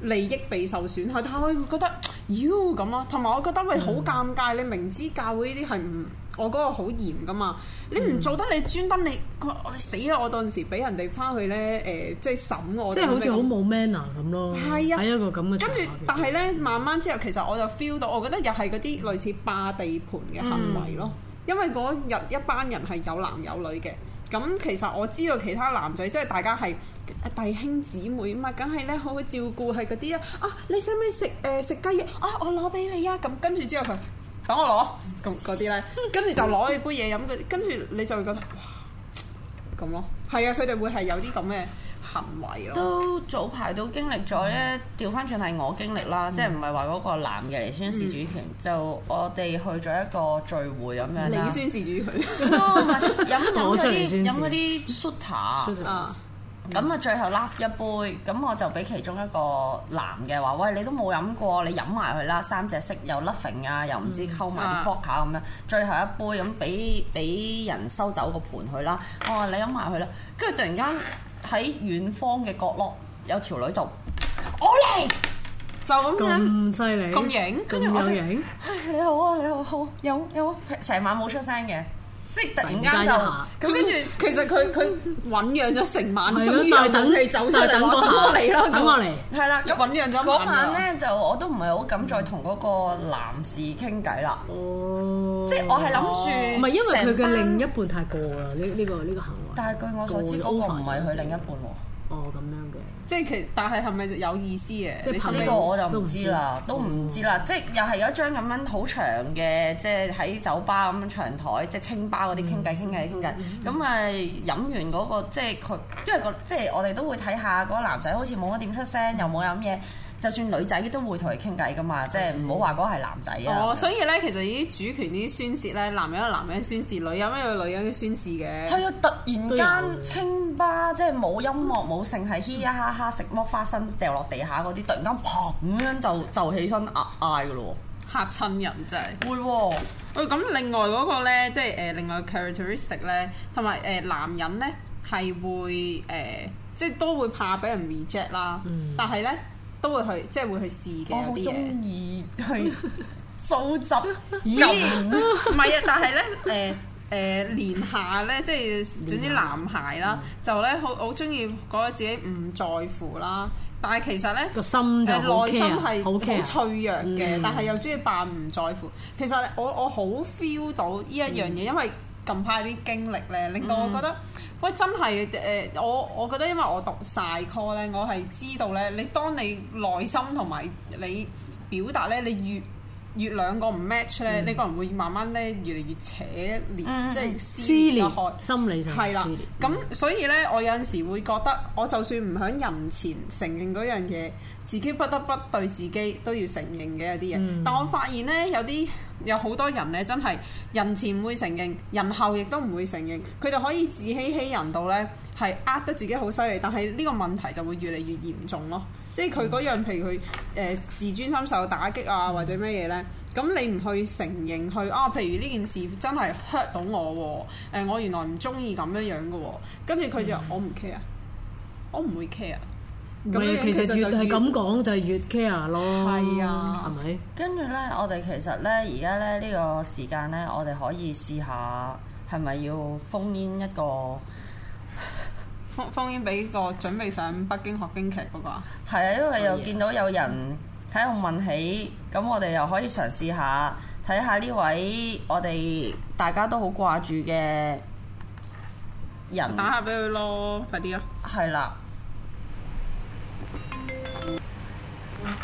利益被受損害。但係我會覺得，妖咁啊！同 埋我覺得咪好尷尬，嗯、你明知教會呢啲係唔，我嗰個好嚴噶嘛，嗯、你唔做得你專登你、哎，死啊！我當時俾人哋翻去咧，誒、呃，即係審我，即係好似好冇 manner 咁咯。係、嗯、啊，喺一個咁嘅，跟住但係咧，慢慢之後其實我就 feel 到，我覺得又係嗰啲類似霸地盤嘅行為咯。嗯。因為嗰日一班人係有男有女嘅，咁其實我知道其他男仔即係大家係弟兄姊妹啊嘛，梗係咧好好照顧係嗰啲啦。啊，你使唔使食誒食雞翼啊？我攞俾你啊！咁跟住之後佢等我攞，咁嗰啲咧，跟住就攞起杯嘢飲，跟住你就會覺得哇咁咯。係啊，佢哋、啊、會係有啲咁嘅。行為咯，都早排到經歷咗咧。調翻轉係我經歷啦，嗯、即係唔係話嗰個男嘅嚟宣示主權？嗯、就我哋去咗一個聚會咁樣，嚟宣示主權。唔係、哦、飲嗰啲飲嗰啲 shooter 咁啊、嗯、最後 last 一杯，咁我就俾其中一個男嘅話，喂，你都冇飲過，你飲埋佢啦。三隻色 iving, 又 luffing、嗯、啊，又唔知溝埋啲 cock 啊咁樣，最後一杯咁俾俾人收走個盤佢啦。哦，你飲埋佢啦，跟住突然間。喺遠方嘅角落有條女就我嚟，就咁樣咁犀利，咁影？跟住我有影！你好啊，你好，好，有有成晚冇出聲嘅，即係突然間就咁。跟住其實佢佢醞釀咗成晚，再等你走出嚟，等我嚟咯，等我嚟。係啦，咁醞釀咗晚。嗰晚咧就我都唔係好敢再同嗰個男士傾偈啦。即係我係諗住，唔係因為佢嘅另一半太過啦。呢呢個呢個行但係據我所知，嗰個唔係佢另一半喎。哦，咁樣嘅，即係其但係係咪有意思嘅？即係是呢個我就唔知啦，都唔知啦、嗯。即係又係有一張咁樣好長嘅，即係喺酒吧咁樣長台，即係清吧嗰啲傾偈傾偈傾偈。咁啊、嗯、飲完嗰、嗰個，即係佢，因為個即係我哋都會睇下嗰個男仔，好似冇乜點出聲，又冇飲嘢。就算女仔都會同佢傾偈㗎嘛，嗯、即係唔好話嗰個係男仔啊、哦。所以咧，其實呢啲主權呢啲宣泄咧，男人有男人宣泄，女人咧有女人嘅宣泄嘅。係啊，突然間清吧即係冇音樂冇性，係嘻嘻哈哈食剝花生掉落地下嗰啲，突然間砰咁樣就就起身嗌嗌㗎咯，嚇親人真係。會喎、哦，喂咁、哎、另外嗰個咧，即係誒、呃、另外 characteristic 咧，同埋誒男人咧係會誒即係都會怕俾人 reject 啦，但係咧。都會去，即係會去試嘅有啲嘢。我好中意去糟質。咦？唔係啊，但係咧，誒誒年下咧，即係總之男孩啦，就咧好好中意覺得自己唔在乎啦。但係其實咧，個心就內心係好脆弱嘅，但係又中意扮唔在乎。其實我我好 feel 到呢一樣嘢，因為近排啲經歷咧，令到我覺得、嗯。喂，真係誒、呃，我我覺得因為我讀晒 psycho 咧，我係知道咧，你當你內心同埋你表達咧，你越越兩個唔 match 咧、嗯，你個人會慢慢咧越嚟越扯裂，嗯、即係撕裂開心理上。係啦了，咁、嗯、所以咧，我有陣時會覺得，我就算唔響人前承認嗰樣嘢。自己不得不對自己都要承認嘅一啲嘢，嗯、但我發現呢，有啲有好多人呢，真係人前唔會承認，人後亦都唔會承認，佢哋可以自欺欺人到呢，係呃得自己好犀利，但係呢個問題就會越嚟越嚴重咯。即係佢嗰樣、嗯、譬如佢誒、呃、自尊心受打擊啊，或者咩嘢呢，咁你唔去承認，去啊譬如呢件事真係 hurt 到我，誒、呃、我原來唔中意咁樣樣嘅，跟住佢就話、嗯、我唔 care，我唔會 care。咁其實越係咁講就係越 care 咯。係啊，係咪吧？跟住咧，我哋其實咧，而家咧呢、呢個時間咧，我哋可以試下係咪要封煙一個封封煙俾個準備上北京學京劇嗰、嗰個啊？係啊，因為又見到有人喺度問起，咁、啊、我哋又可以嘗試下睇下呢位我哋大家都好掛住嘅人打下俾佢咯，快啲啊，係啦。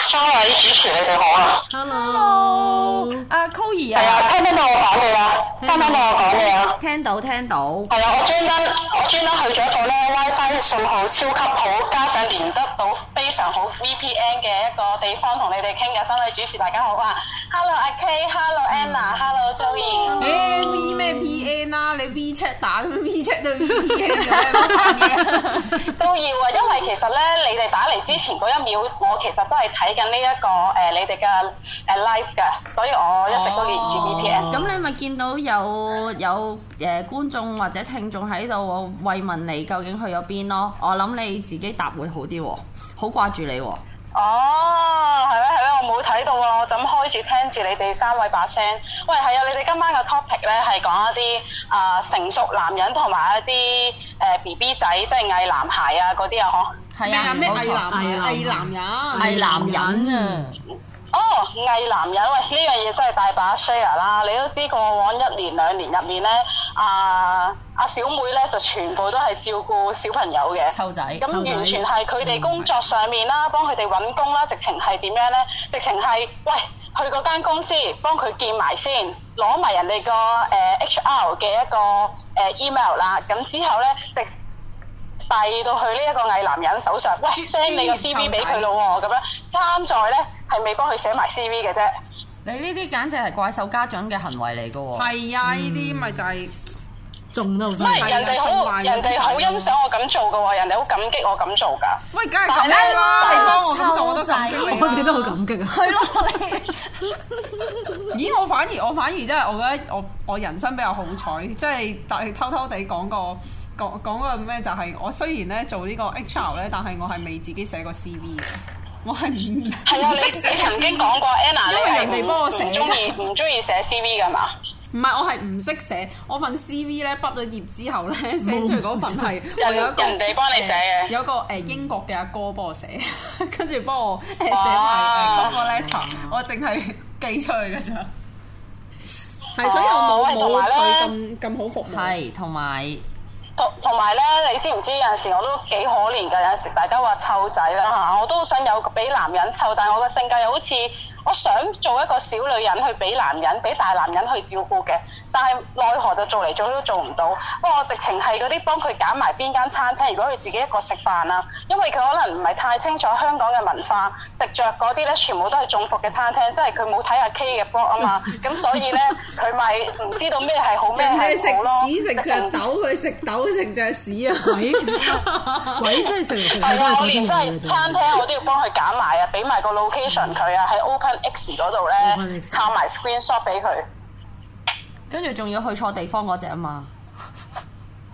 三位主持你，你哋好啊！Hello，阿 Coi 啊，係啊，聽唔聽到我講嘢啊？聽唔 聽到我講嘢啊？聽到聽到，係啊！我專登，我專登去咗一個咧 WiFi 信號超級好，加上連得到非常好 VPN 嘅一個地方，同你哋傾嘅三位主持，大家好啊！Hello，阿 K，Hello Anna，Hello Jo Hello. ey 咩 V 咩 PN 啊？你 WeChat 打，咁 WeChat 都要都要啊！因為其實咧，你哋打嚟之前嗰一秒，我其實都係睇。睇緊呢一個誒、呃，你哋嘅誒 life 㗎，呃啊、所以我一直都連住 VPS 咁、哦、你咪見到有有誒、呃、觀眾或者聽眾喺度慰問你，究竟去咗邊咯？我諗你自己答會好啲、哦，好掛住你喎、哦。哦，係咩係咩？我冇睇到喎，我就咁開住聽住你哋三位把聲。喂，係啊，你哋今晚嘅 topic 咧係講一啲啊、呃、成熟男人同埋一啲誒、呃、B B 仔，即係偽男孩啊嗰啲啊，嗬？係啊，咩偽男偽男人？偽男人。哦，偽男人喂，呢樣嘢真係大把 share 啦！你都知過往一年兩年入面呢，啊、呃、啊小妹呢就全部都係照顧小朋友嘅，咁完全係佢哋工作上面啦，幫佢哋揾工啦，直情係點樣呢？直情係喂，去嗰間公司幫佢見埋先，攞埋人哋個、呃、HR 嘅一個誒、呃、email 啦，咁之後呢，直遞到去呢一個偽男人手上，喂猜 send 猜你嘅 CV 俾佢咯喎，咁樣參賽呢。係未幫佢寫埋 C V 嘅啫，你呢啲簡直係怪獸家長嘅行為嚟噶喎！係啊，呢啲咪就係、是、仲都唔係是人哋好人哋好欣賞我咁做噶喎，人哋好感激我咁做噶。喂，梗係咁啦，係咯呢，我咁做我都感激，我記得好感激啊。係咯，咦？我反而我反而真係，我覺得我我人生比較好彩，即係但係偷偷地講個講講個咩就係、是、我雖然咧做呢個 H R 咧，但係我係未自己寫過 C V 嘅。我係係啊，你你曾經講過 Anna，因為人哋幫我寫，唔中意，唔中意寫 C V 噶嘛？唔係，我係唔識寫。我份 C V 咧，畢咗業之後咧 send 出嗰份係有一人，人哋幫你寫嘅。有個誒英國嘅阿哥幫我寫，跟住幫我寫埋嗰個 letter，我淨係寄出去噶咋。係所以我冇冇佢咁咁好服務。係同埋。同埋咧，你知唔知有陣時我都幾可憐噶？有陣時大家話湊仔啦吓、啊、我都想有個俾男人湊，但係我嘅性格又好似。我想做一個小女人去俾男人，俾大男人去照顧嘅，但係奈何就做嚟做都做唔到。不過我直情係嗰啲幫佢揀埋邊間餐廳，如果佢自己一個食飯啊，因為佢可能唔係太清楚香港嘅文化，食着嗰啲咧，全部都係中服嘅餐廳，即係佢冇睇下 K 嘅 blog 啊嘛。咁 所以咧，佢咪唔知道咩係好，咩係好咯。人食屎食著豆，佢食豆，食著屎啊 鬼！鬼真係食。係啊， 我連真係餐廳 我都要幫佢揀埋啊，俾埋個 location 佢啊，喺 o X 嗰度咧，插埋 Screenshot 俾佢，跟住仲要去錯地方嗰隻啊嘛。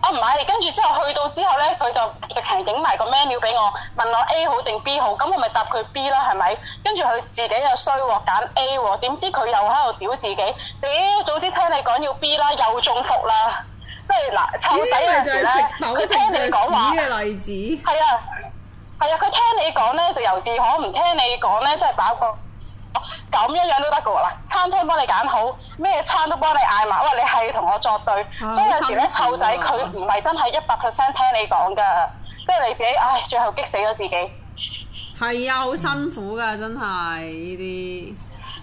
我唔係，跟住之後去到之後咧，佢就直情影埋個 menu 俾我，問我 A 好定 B 好，咁我咪答佢 B 啦，係咪？跟住佢自己又衰喎，揀 A 喎，點知佢又喺度屌自己，屌，早知聽你講要 B 啦，又中伏啦。即係嗱，丑仔嗰陣時佢聽你講話，係啊，係啊，佢、啊、聽你講咧就由自可，唔聽你講咧即係搞個。咁一樣都得噶啦，餐廳幫你揀好，咩餐都幫你嗌埋。喂，你係同我作對，所以、啊、有時咧，湊處仔佢唔係真係一百 percent 聽你講噶，即係你自己，唉，最後激死咗自己。係啊，好辛苦噶，真係呢啲。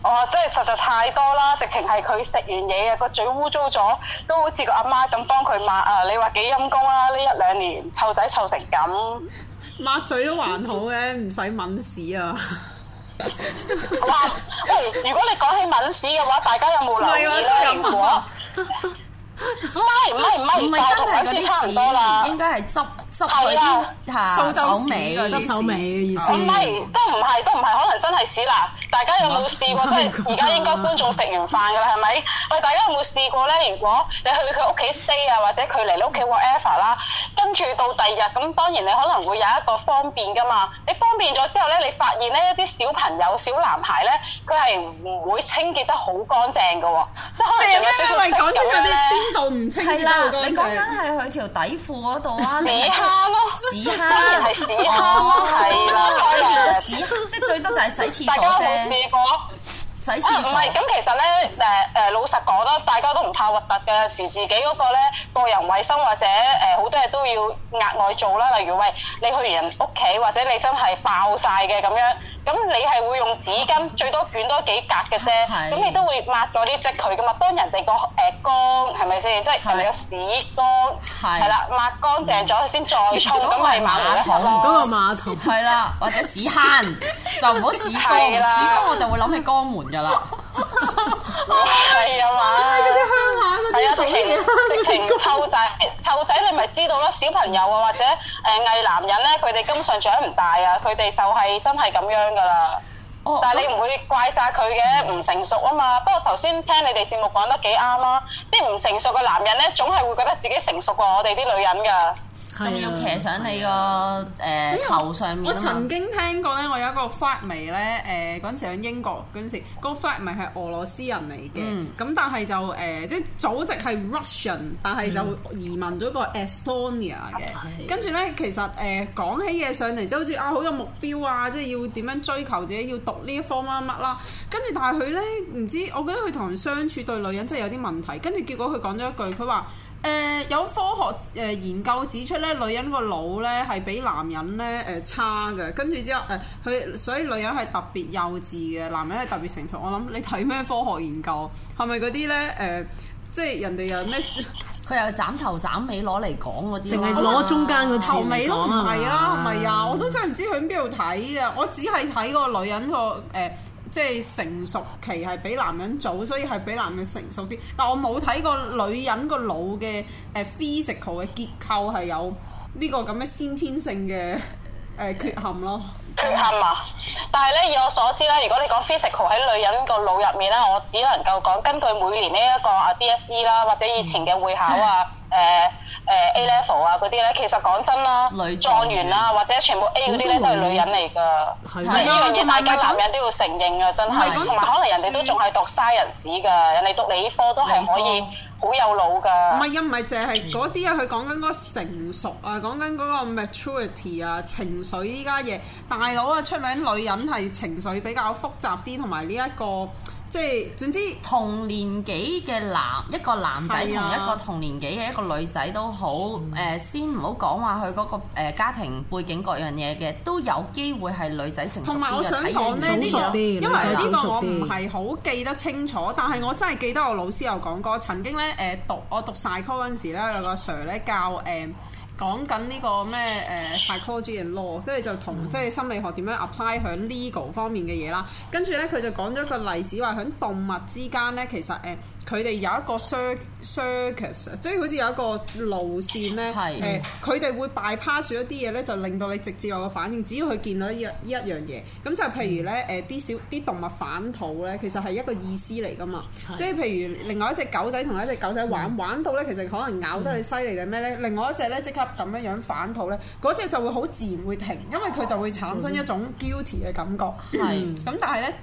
哦，即係實在太多啦！直情係佢食完嘢啊，個嘴污糟咗，都好似個阿媽咁幫佢抹啊！你話幾陰功啊？呢一兩年湊仔湊成咁，抹嘴都還好嘅，唔使問屎啊！ 哇！喂，如果你講起文史嘅話， 大家有冇留意咧？如果？唔係，唔係，唔係，唔係真係嗰啲屎，應該係執執嗰啲嚇掃尾嘅執手尾嘅意思。唔係都唔係，都唔係，可能真係屎啦。大家有冇試過？即係而家應該觀眾食完飯噶啦，係咪？喂，大家有冇試過咧？如果你去佢屋企 stay 啊，或者佢嚟你屋企 whatever 啦，跟住到第二日咁，當然你可能會有一個方便噶嘛。你方便咗之後咧，你發現咧，啲小朋友小男孩咧，佢係唔會清潔得好乾淨嘅喎，即係可能有少少黐油咧。這樣 度唔清，係啦，你講緊係佢條底褲嗰度啊？屎坑咯，屎坑，係啦，屎坑，即係最多就係洗廁所啫。大家冇試過洗廁所唔係，咁、啊、其實咧，誒、呃、誒、呃，老實講咧，大家都唔怕核突嘅，有時自己嗰個咧個人衛生或者誒好、呃、多嘢都要額外做啦。例如喂，你去完人屋企，或者你真係爆晒嘅咁樣。咁你係會用紙巾最多捲多幾格嘅啫，咁是你都會抹咗啲跡佢噶嘛，幫人哋個誒缸係咪先？即、呃、係有屎缸，係是啦，抹乾淨咗先再沖，咁嚟馬桶咯。嗰個馬桶係 啦，或者屎坑 就唔好屎缸，屎缸啦我就會諗起肛門噶啦。 係啊嘛，啲係啊，直情 直情湊、 欸、仔，湊仔你咪知道咯，小朋友啊或者誒偽、呃、男人咧，佢哋根本上長唔大啊，佢哋就係、是、真係咁樣噶啦。哦、但係你唔會怪晒佢嘅，唔 成熟啊嘛。不過頭先聽你哋節目講得幾啱啊，啲唔成熟嘅男人咧，總係會覺得自己成熟過我哋啲女人噶。仲要騎上你個誒、呃哎、呦頭上面。我曾經聽過咧，我有一個發微咧，誒嗰陣時喺英國嗰陣時，個發微係俄羅斯人嚟嘅，咁、嗯、但係就誒即係祖籍係 Russian，但係就移民咗個 Estonia 嘅。跟住咧，其實誒講、呃、起嘢上嚟，即好似啊好有目標啊，即、就、係、是、要點樣追求自己，要讀一、啊啊、呢一科乜乜啦。跟住但係佢咧唔知，我覺得佢同人相處對女人真係有啲問題。跟住結果佢講咗一句，佢話。誒、呃、有科學誒研究指出咧，女人個腦咧係比男人咧誒差嘅，跟住之後誒佢、呃、所以女人係特別幼稚嘅，男人係特別成熟。我諗你睇咩科學研究？係咪嗰啲咧誒？即係人哋又咩？佢又斬頭斬尾攞嚟講嗰啲，淨係攞中間頭尾都唔係啦，係咪啊，嗯、我都真係唔知佢喺邊度睇啊！我只係睇個女人個誒。呃即係成熟期係比男人早，所以係比男人成熟啲。但我冇睇過女人個腦嘅誒、呃、physical 嘅結構係有呢個咁嘅先天性嘅誒、呃、缺陷咯。缺陷啊！但係咧，以我所知啦，如果你講 physical 喺女人個腦入面咧，我只能夠講根據每年呢一個啊 DSE 啦，或者以前嘅會考啊。 誒誒、呃呃、A level 啊嗰啲咧，其實講真啦，狀情元啊或者全部 A 嗰啲咧都係女人嚟㗎，呢樣嘢大家男人都要承認啊！有有真係同埋可能人哋都仲係讀 science 嘅，人哋讀理科都係可以好有腦㗎。唔係因唔係淨係嗰啲啊，佢講緊嗰個成熟啊，講緊嗰個 maturity 啊，情緒依家嘢，大佬啊出名女人係情緒比較複雜啲，同埋呢一個。即係總之，同年紀嘅男一個男仔是、啊、同一個同年紀嘅一個女仔都好，誒、嗯、先唔好講話佢嗰個家庭背景各樣嘢嘅，都有機會係女仔成熟啲，同埋我想講呢早熟啲，女仔早熟啲、呢個、因為呢、呃呢個我唔係好記得清楚，但係我真係記得我老師有講過，曾經咧誒、呃、讀我讀曬科嗰陣時咧，有個 Sir 咧教誒。呃講緊呢個咩誒、uh, psychology and law，跟住就同即係心理學點樣 apply 響 legal 方面嘅嘢啦。跟住咧佢就講咗個例子，話響動物之間咧，其實誒。Uh, 佢哋有一個 cir circus，即係好似有一個路線呢，係是的、呃，佢哋會 bypass 咗啲嘢呢，就令到你直接有個反應。只要佢見到依一依一樣嘢，咁就譬如呢誒啲、呃、小啲動物反肚呢，其實係一個意思嚟㗎嘛。是的 即係譬如另外一隻狗仔同一隻狗仔玩是的 玩到呢，其實可能咬得佢犀利嘅咩呢？是的 另外一隻呢，即刻咁樣樣反肚呢，嗰隻就會好自然會停，因為佢就會產生一種 guilty 嘅感覺。係，咁但係呢。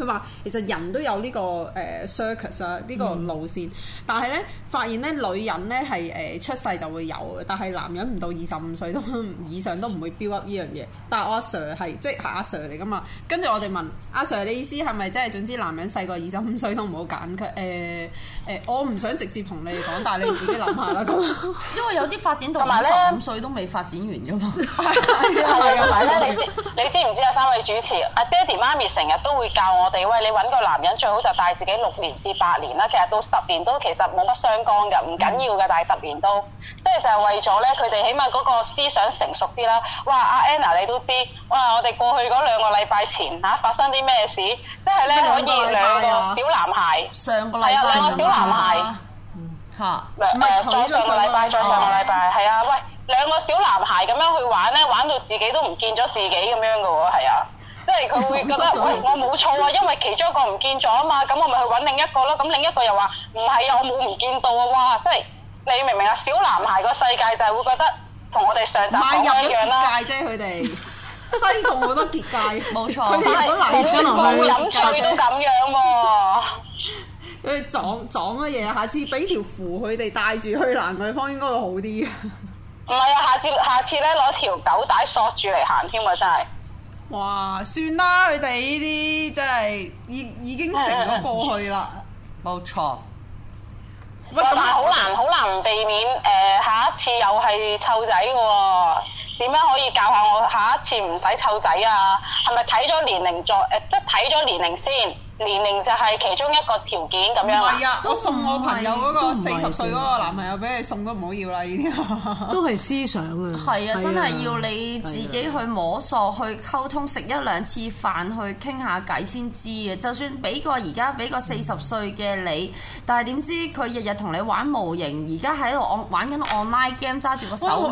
佢話其實人都有呢、呢個誒、呃、circuit 呢個路線，嗯、但係咧發現咧女人咧係誒出世就會有，但係男人唔到二十五歲都以上都唔會 build up 呢樣嘢。但係阿、啊、Sir 係即係阿 Sir 嚟噶嘛？跟住我哋問阿、啊、Sir，你意思係咪即係總之男人細過二十五歲都唔好揀佢誒誒？我唔想直接同你講，但係你自己諗下啦。 因為有啲發展到二十五歲都未發展完噶嘛。同埋咧，知？ 你知唔知啊？三位主持阿爹哋媽咪成日都會教我。地位你揾個男人最好就大自己六年至八年啦。其實到十年都其實冇乜相干噶，唔緊要噶大十年都。即係就係為咗咧，佢哋起碼嗰個思想成熟啲啦。哇，阿 Anna 你都知，哇，我哋過去嗰兩個禮拜前吓、啊、發生啲咩事？即係咧，可以兩個小男孩，兩個啊、上個禮拜，係啊對，兩個小男孩，吓，誒、嗯，上個啊、再上個禮拜，再上個禮拜，係啊，喂、啊，兩個小男孩咁樣去玩咧，玩到自己都唔見咗自己咁樣噶喎，係啊。即係佢會覺得，喂，我冇錯啊，因為其中一個唔見咗啊嘛，咁我咪去揾另一個咯。咁另一個又話唔係啊，我冇唔見到啊。哇！即係你明唔明啊？小男孩個世界就係會覺得同我哋上集一樣啦、啊。結界啫，佢哋， 西貢好多結界，冇錯 錯。佢哋連個飲醉都咁樣喎、啊。佢哋 撞撞乜嘢？下次俾條符佢哋帶住去南桂方應該會好啲。唔係啊，下次下次咧，攞條狗帶索住嚟行添啊，真係。哇！算啦，佢哋呢啲真係已已經成咗過去啦。冇 錯，喂， 不過好難好難避免，誒、呃、下一次又係湊仔喎、哦。點樣可以教下我下一次唔使湊仔啊？係咪睇咗年齡再？誒、呃，即係睇咗年齡先，年齡就係其中一個條件。唔係啊！都 我送我朋友嗰個四十歲嗰個男朋友俾你送都唔好要啦，依啲 都係思想啊！係 啊！真係要你自己去摸索、去溝通、食一兩次飯、去傾下偈先知啊。就算俾個而家俾個四十歲嘅你，嗯、但係點知佢日日同你玩模型，而家喺度 o 玩緊 online game，揸住個手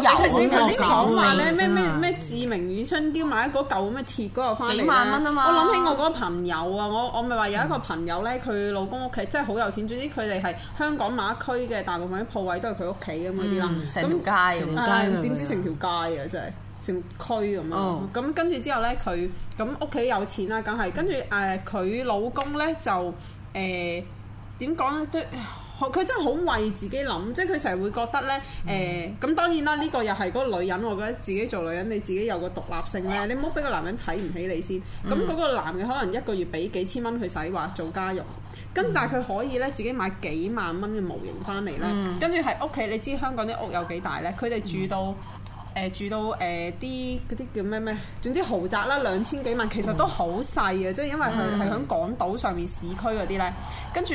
你咩咩咩志明與春嬌買嗰舊咩鐵嗰個翻嚟？幾萬蚊啊嘛！我諗起我嗰個朋友啊，我我咪話有一個朋友咧，佢老公屋企真係好有錢，總之佢哋係香港馬區嘅大部分啲鋪位都係佢屋企咁嗰啲啦，咁、嗯、那條街啊，點知成條街啊，真係成區咁樣啊！咁、哦、跟住之後咧，佢咁屋企有錢啦，梗係跟住誒佢老公咧就誒點講咧？即、呃佢真係好為自己諗，即係佢成日會覺得呢，誒咁、嗯呃、當然啦，呢、呢個又係嗰個女人，我覺得自己做女人，你自己有個獨立性呢。你唔好俾個男人睇唔起你先。咁嗰、嗯、個男嘅可能一個月俾幾千蚊佢使，話做家用，跟住、嗯、但係佢可以呢，自己買幾萬蚊嘅模型翻嚟呢。跟住係屋企。你知香港啲屋有幾大呢？佢哋住到誒、嗯呃、住到誒啲嗰啲叫咩咩？總之豪宅啦，兩千幾萬其實都好細嘅，即係、嗯、因為佢係喺港島上面市區嗰啲呢。跟住。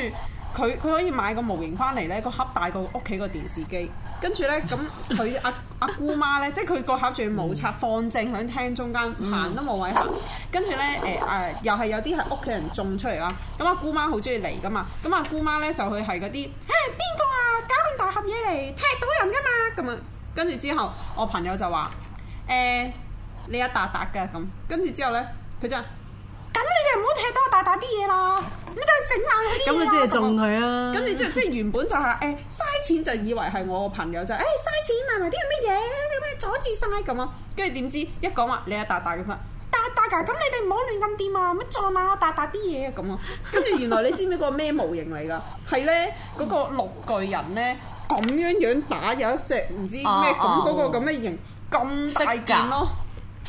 佢佢可以買個模型翻嚟咧，個盒大過屋企個電視機，跟住咧咁佢阿阿姑媽咧，即係佢個盒仲要冇拆、嗯、放正響廳中間，行都冇位行。跟住咧誒誒，又係有啲係屋企人種出嚟啦。咁、嗯、阿姑媽好中意嚟噶嘛？咁、嗯、阿姑媽咧就佢係嗰啲誒邊個啊，搞咁大盒嘢嚟踢到人噶嘛咁啊！跟住之後，我朋友就話誒、欸、你一笪笪嘅咁，跟住之後咧佢就。咁你哋唔好踢多大大啲嘢啦，你都整爛佢啲啦。咁我即係撞佢啊！咁你即係即係原本就係誒嘥錢就以為係我個朋友就誒嘥、欸、錢買埋啲乜嘢，咩樣阻住晒咁啊！跟住點知一講話你又大大咁啦，大大噶！咁你哋唔好亂咁掂啊！乜撞爛我大大啲嘢啊咁啊！跟住原來你知唔知嗰個咩模型嚟噶？係咧嗰個綠巨人咧咁樣樣打有一隻唔知咩咁嗰個咁嘅型咁大件咯。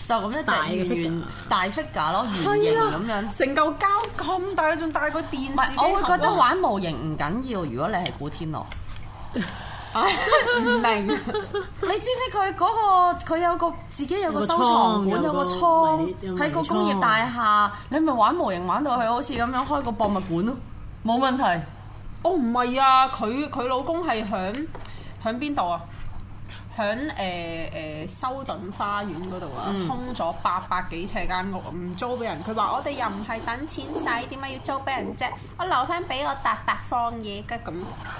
就咁一隻圓 fig 大 figure 咯，啊，圓形咁樣，成嚿膠咁大，仲大過電視，啊、我會覺得玩模型唔緊要，如果你係古天樂。啊、 明白？ 你知唔知佢嗰個佢有個自己有個收藏館，有個倉喺個，個，個，個工業大廈。你咪玩模型玩到佢好似咁樣開個博物館咯，冇問題。哦，唔係啊，佢佢老公係響響邊度啊？響誒誒修頓花園嗰度啊，嗯、空咗八百幾尺間屋，唔租俾人。佢話：我哋又唔係等錢使，點解要租俾人啫？我留翻俾我達達放嘢嘅咁。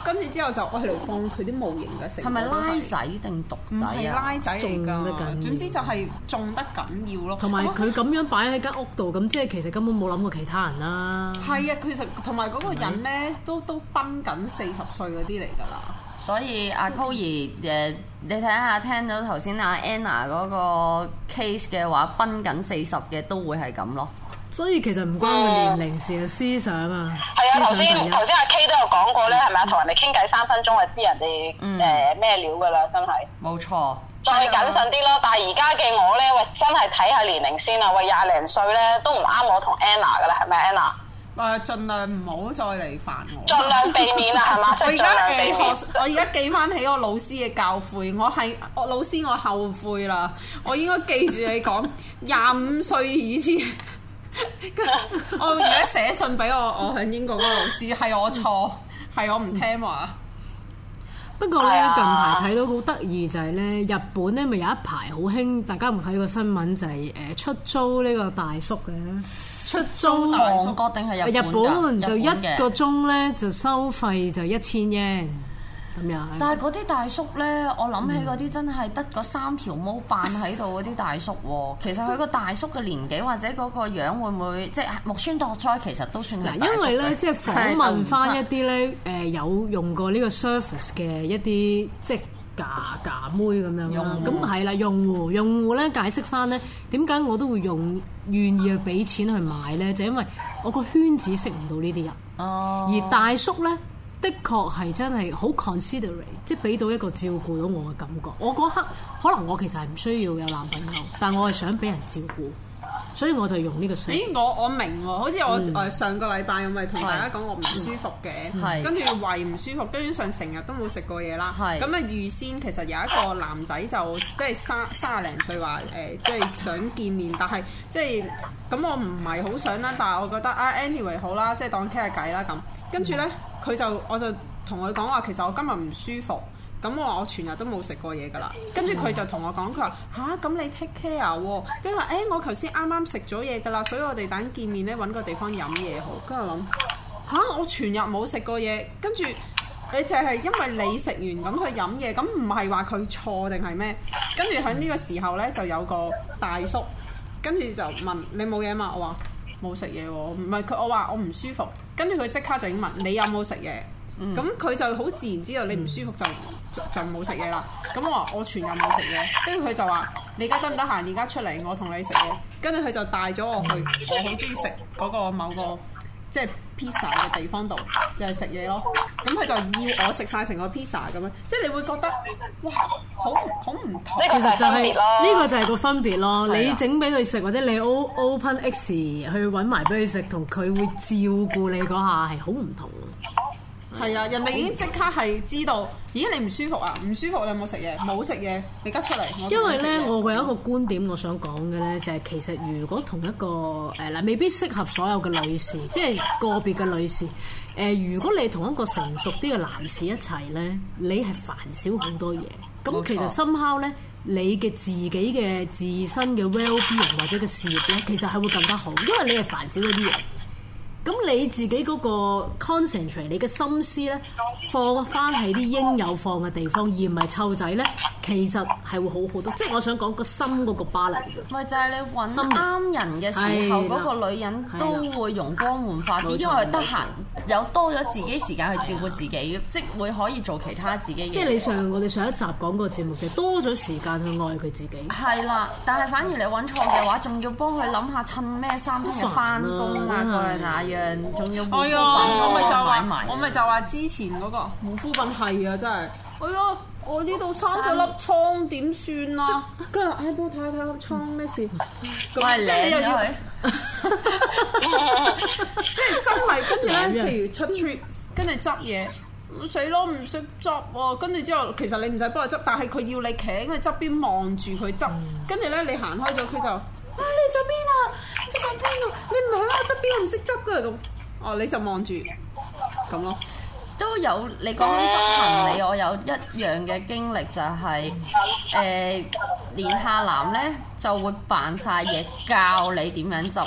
今次之後就我喺度放佢啲模型嘅成。係咪拉仔定獨仔啊？拉仔嚟㗎，得，總之就係種得緊要咯。同埋佢咁樣擺喺間屋度，咁即係其實根本冇諗過其他人啦。係、嗯、啊，其實同埋嗰個人咧，都都奔緊四十歲嗰啲嚟㗎啦。所以阿 Coir，誒你睇下聽咗頭先阿 Anna 嗰個 case 嘅話，奔緊四十嘅都會係咁咯。所以其實唔關佢年齡事，思想啊。係、嗯、啊，頭先頭先阿 K 都有講過咧，係咪同人哋傾偈三分鐘就知人哋誒咩料噶啦，真係。冇錯。再謹慎啲咯，啊、但係而家嘅我咧，喂，真係睇下年齡先啊。喂，廿零歲咧都唔啱我同 Anna 噶啦，係咪 Anna？誒、呃，盡量唔好再嚟煩我。盡量避免啦，係嘛？ 就係、我而家誒學，我而家記翻起我老師嘅教誨，我係我老師，我後悔啦。我應該記住你講廿五歲以前。 我而家寫信俾我，我喺英國嗰個老師係我錯，係我唔聽話。不過咧，近排睇到好得意就係咧，日本咧咪有一排好興，大家有冇睇過新聞？就係、是、誒出租呢個大叔嘅出租大叔哥，定係日本？日本就一個鐘咧就收費就一千日圓。但係嗰啲大叔呢，我諗起嗰啲真係得嗰三條毛扮喺度嗰啲大叔喎、啊。其實佢個大叔嘅年紀或者嗰個樣會唔會即係木村拓哉其實都算係，因為呢，即係訪問翻一啲呢誒有用過呢個 service 嘅一啲即係假假妹咁樣用。咁係啦，用戶用戶呢解釋翻呢點解我都會用願意去俾錢去買呢？就是、因為我個圈子識唔到呢啲人，嗯、而大叔呢。的確係真係好 considerate，即係俾到一個照顧到我嘅感覺。我嗰刻可能我其實係唔需要有男朋友，但我係想俾人照顧。所以我就用呢個水。咦、欸，我我明喎、哦，好似我誒、嗯、上個禮拜咁咪同大家講我唔舒服嘅，嗯、跟住胃唔舒服，基本上成日都冇食過嘢啦。咁啊是，預先其實有一個男仔就即係三三廿零歲，話、欸、誒即係想見面，但係即係咁我唔係好想啦，但係我覺得啊，anyway 好啦，即係當傾下偈啦咁。跟住咧，佢、嗯、就我就同佢講話，其實我今日唔舒服。咁我話我全日都冇食過嘢噶啦，跟住佢就同我講佢話吓，咁、啊、你 take care，跟住話，誒我頭先啱啱食咗嘢噶啦，所以我哋等見面咧揾個地方飲嘢好，跟住諗吓，我全日冇食過嘢，跟住你就係因為你食完咁去飲嘢，咁唔係話佢錯定係咩？跟住喺呢個時候呢，就有個大叔，跟住就問你冇嘢嘛？我話冇食嘢喎，唔係佢，我話我唔舒服，跟住佢即刻就已經問你有冇食嘢？咁佢、嗯嗯、就好自然知道你唔舒服就。就冇食嘢啦，咁我話我全日冇食嘢，跟住佢就話你而家得唔得閒？而家出嚟，我同你食嘢，跟住佢就帶咗我去，我好中意食嗰個某個即係 pizza 嘅地方度，就係食嘢咯。咁佢就要我食晒成個 pizza 咁樣，即係你會覺得哇，好好唔同。其實就係呢個就係個分別咯。你整俾佢食或者你 open x 去揾埋俾佢食，同佢會照顧你嗰下係好唔同。係啊，人哋已經即刻係知道，咦？你唔舒服啊？唔舒服你有冇食嘢？冇食嘢，你急出嚟。因為咧，我有一個觀點，我想講嘅咧，就係其實如果同一個誒嗱、呃，未必適合所有嘅女士，即係個別嘅女士。誒、呃，如果你同一個成熟啲嘅男士一齊咧，你係煩少好多嘢。咁，冇錯，其實 somehow 咧，你嘅自己嘅自身嘅 well being 或者嘅事業咧，其實係會更加好，因為你係煩少咗啲嘢。咁你自己嗰個 concentrate，你嘅心思咧，放翻喺啲應有放嘅地方，而唔係湊仔咧，其實係會好好多。即係我想講個心嗰個 balance。唔係就係你揾啱人嘅時候，個女人的都會容光煥發啲，的因為得閒有多咗自己時間去照顧自己，哎、呀即係會可以做其他自己。即係你上我哋上一集講個節目嘅，多咗時間去愛佢自己。係啦，但係反而你揾錯嘅話仲要幫佢諗下襯咩衫翻工啊，嗰啲嗱仲有護膚品都買埋，我咪就話之前嗰個護膚品係啊，真係。哎呀，我呢度生咗粒瘡點算啊？跟住，哎，幫我睇下睇下粒瘡咩事？咁即係你又要，即係真係，跟住咧，譬如出 trip，跟住執嘢，死咯，唔識執喎。跟住之後，其實你唔使幫佢執，但係佢要你企喺側邊望住佢執。跟住咧，你行開咗，佢就。哇！你喺邊啊？你喺邊啊？你唔響我執邊，我唔識執嘅咁。哦，你就望住咁咯。都有你講執行李，我有一樣嘅經歷就係、是，誒、呃，年下男咧就會扮晒嘢，教你點樣執。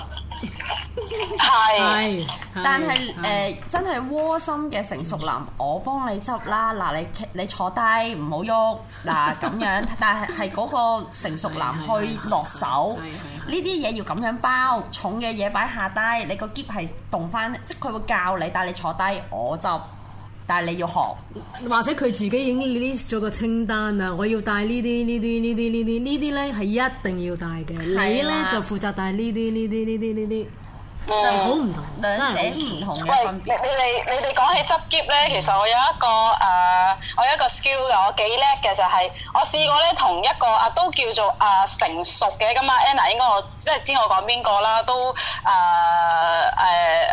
係，但係誒，真係窩心嘅成熟男，嗯、我幫你執 啦。嗱，你你坐低唔好喐，嗱咁樣。 但係係嗰個成熟男去落手，呢啲嘢要咁樣包， 重嘅嘢擺下低，你個篋係動翻，即係佢會教你，但係你坐低，我執。但係你要學，或者佢自己已經 list 咗個清單啦！我要帶呢啲呢啲呢啲呢啲呢啲咧係一定要帶嘅，嗎你咧就負責帶呢啲呢啲呢啲呢啲。嗯，好唔同，真係好唔同嘅分別。喂，你你你你講起執篋咧，其實我有一個誒，我有一個 skill 嘅，我幾叻嘅就係，我試過咧同一個啊，都叫做啊成熟嘅咁啊，Anna 應該我即係知我講邊個啦，都誒誒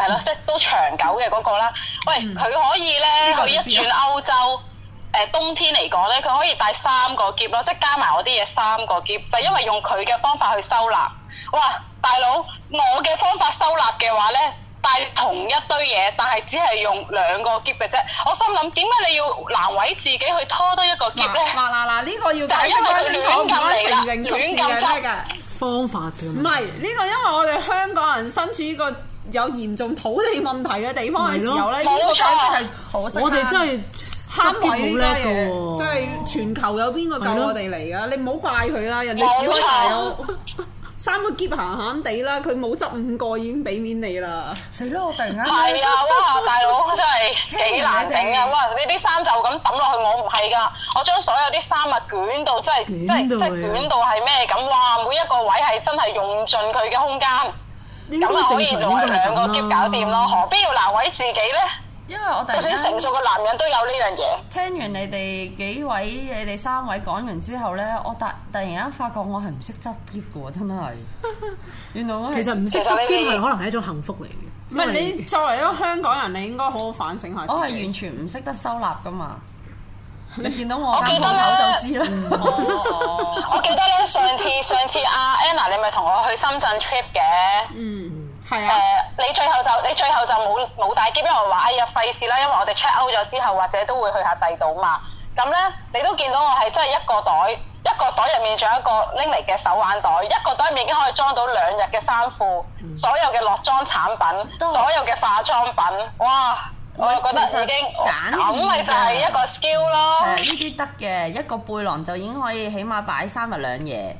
係咯，即係都長久嘅嗰個啦。喂，佢可以咧，可以一轉歐洲誒冬天嚟講咧，佢可以帶三個篋咯，即係加埋我啲嘢三個篋，就因為用佢嘅方法去收納。哇，大佬，我嘅方法收納嘅話咧，帶同一堆嘢，但係只係用兩個喼嘅啫。我心諗點解你要難為自己去拖多一個喼咧？嗱嗱嗱，呢、啊啊啊這個要大家理解嚟啦。因為亂夾咩方法唔係呢個，因為我哋香港人身處呢個有嚴重土地問題嘅地方嘅時候咧，呢咯個簡直係可惜、啊、錯我哋真係慳鬼㗎嘢，啊、真係全球有邊個夠我哋嚟㗎？咯你唔好怪佢啦，人哋只可以大屋。錯 三個夾閒閒地啦，佢冇執五個已經俾面你啦。係咯，我突然間係啊， 啊！哇，大佬真係幾難頂啊！哇，你啲衫就咁抌落去，我唔係噶，我將所有啲衫啊捲到即係捲到係咩咁？哇，每一個位係真係用盡佢嘅空間，咁啊可以做兩個夾搞掂咯，何必要難為自己咧？因為我突然間成熟嘅男人都有呢樣嘢。聽完你哋幾位，你哋三位講完之後咧，我突突然間發覺我係唔識執業嘅，真係。 原來我係。其實唔識執業可能係一種幸福嚟嘅。唔係是你作為一個香港人，你應該好好反省下。我係完全唔識得收納噶嘛。 你見到我間鋪頭就知啦。我記得咧知，上次上次阿 Anna，你咪同我去深圳 trip 嘅。嗯。誒、啊呃，你最後就你最後就冇冇帶機，我話哎呀，費事啦，因為我哋、哎、check out 咗之後，或者都會去下第度嘛。咁咧，你都見到我係真係一個袋，一個袋入面仲有一個拎嚟嘅手腕袋，一個袋入面已經可以裝到兩日嘅衫褲，嗯、所有嘅落妝產品，是所有嘅化妝品，哇！我又覺得已經咁咪就係一個 skill 咯。呢啲得嘅，一個背囊就已經可以起碼擺三日兩夜。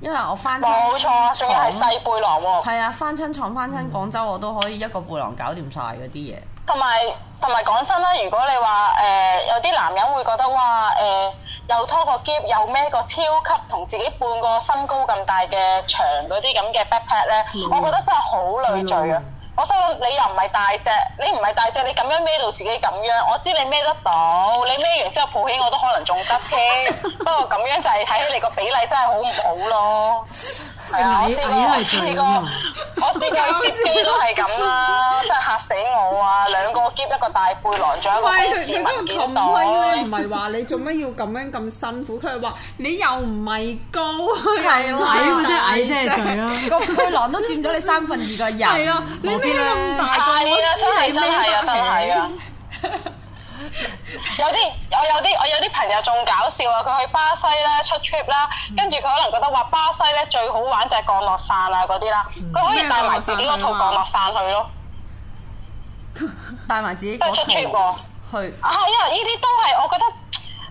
因為我翻親冇錯，仲要係細背囊喎、啊。係啊，翻親廠，翻親廣州，我都可以一個背囊搞掂晒嗰啲嘢。同埋同埋講真啦，如果你話誒、呃、有啲男人會覺得哇誒、呃，又拖個篋又孭個超級同自己半個身高咁大嘅長嗰啲咁嘅 backpack 咧，back pack, 啊、我覺得真係好累贅啊！我收你又唔係大隻，你唔係大隻，你咁樣孭到自己咁樣，我知你孭得到，你孭完之後抱起我都可能仲得添。不過咁樣就係睇起你個比例真係好唔好咯。係啊，我試過，我試過，我試過接機都係咁啦，真係嚇死我啊！兩個喼一個大背囊，仲有一個書包夾到。喂，佢佢嗰個氹翻咧，唔係話你做咩要咁樣咁辛苦？佢係話你又唔係高，係矮喎，即係矮即係罪啦。 個背囊都佔咗你三分二個人，你咩咁大個？我知真咩啊？係啊，係啊。有啲我有啲我有啲朋友仲搞笑啊！佢去巴西咧出 trip 啦，跟住佢可能覺得話巴西咧最好玩就係降落傘啊嗰啲啦，佢、嗯、可以帶埋自己嗰套降落傘去咯，帶埋 自己。都係出 trip 喎，去啊，因為呢啲都係我覺得。我覺得誒誒、嗯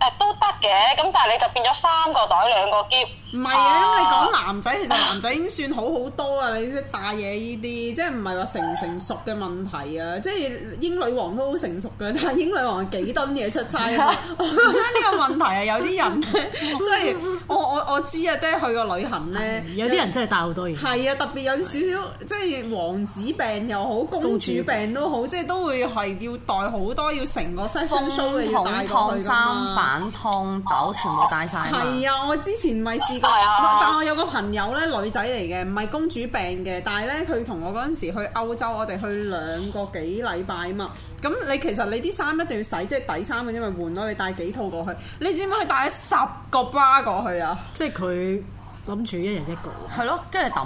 欸、都得嘅，咁但係你就變咗三個袋兩個喼。唔係啊，因為你講男仔、呃、其實男仔已經算好好多啊， 你帶嘢呢啲，即係唔係話成唔成熟嘅問題啊？即係英女王都好成熟嘅，但係英女王幾噸嘢出差啊？真係呢個問題啊，有啲人咧，即係我我我知啊，即係去個旅行咧， 有啲人真係帶好多嘢。係 啊，特別有少少即係王子病又好，公主病都好，即係都會係要帶好多，要成個 fashion show 嘅、嗯。五套衫、燙衫板、燙斗，全部帶晒。係啊，我之前咪試過、哎呀，但我有個朋友呢，女仔嚟嘅，唔係公主病嘅，但係呢，佢同我嗰陣時去歐洲，我哋去兩個幾禮拜啊嘛。咁你其實你啲衫一定要洗，即係底衫啊，因為換咯。你帶幾套過去？你知唔知佢帶咗十個 bra 過去啊？即係佢。諗住一人一個喎，係咯，跟住揼，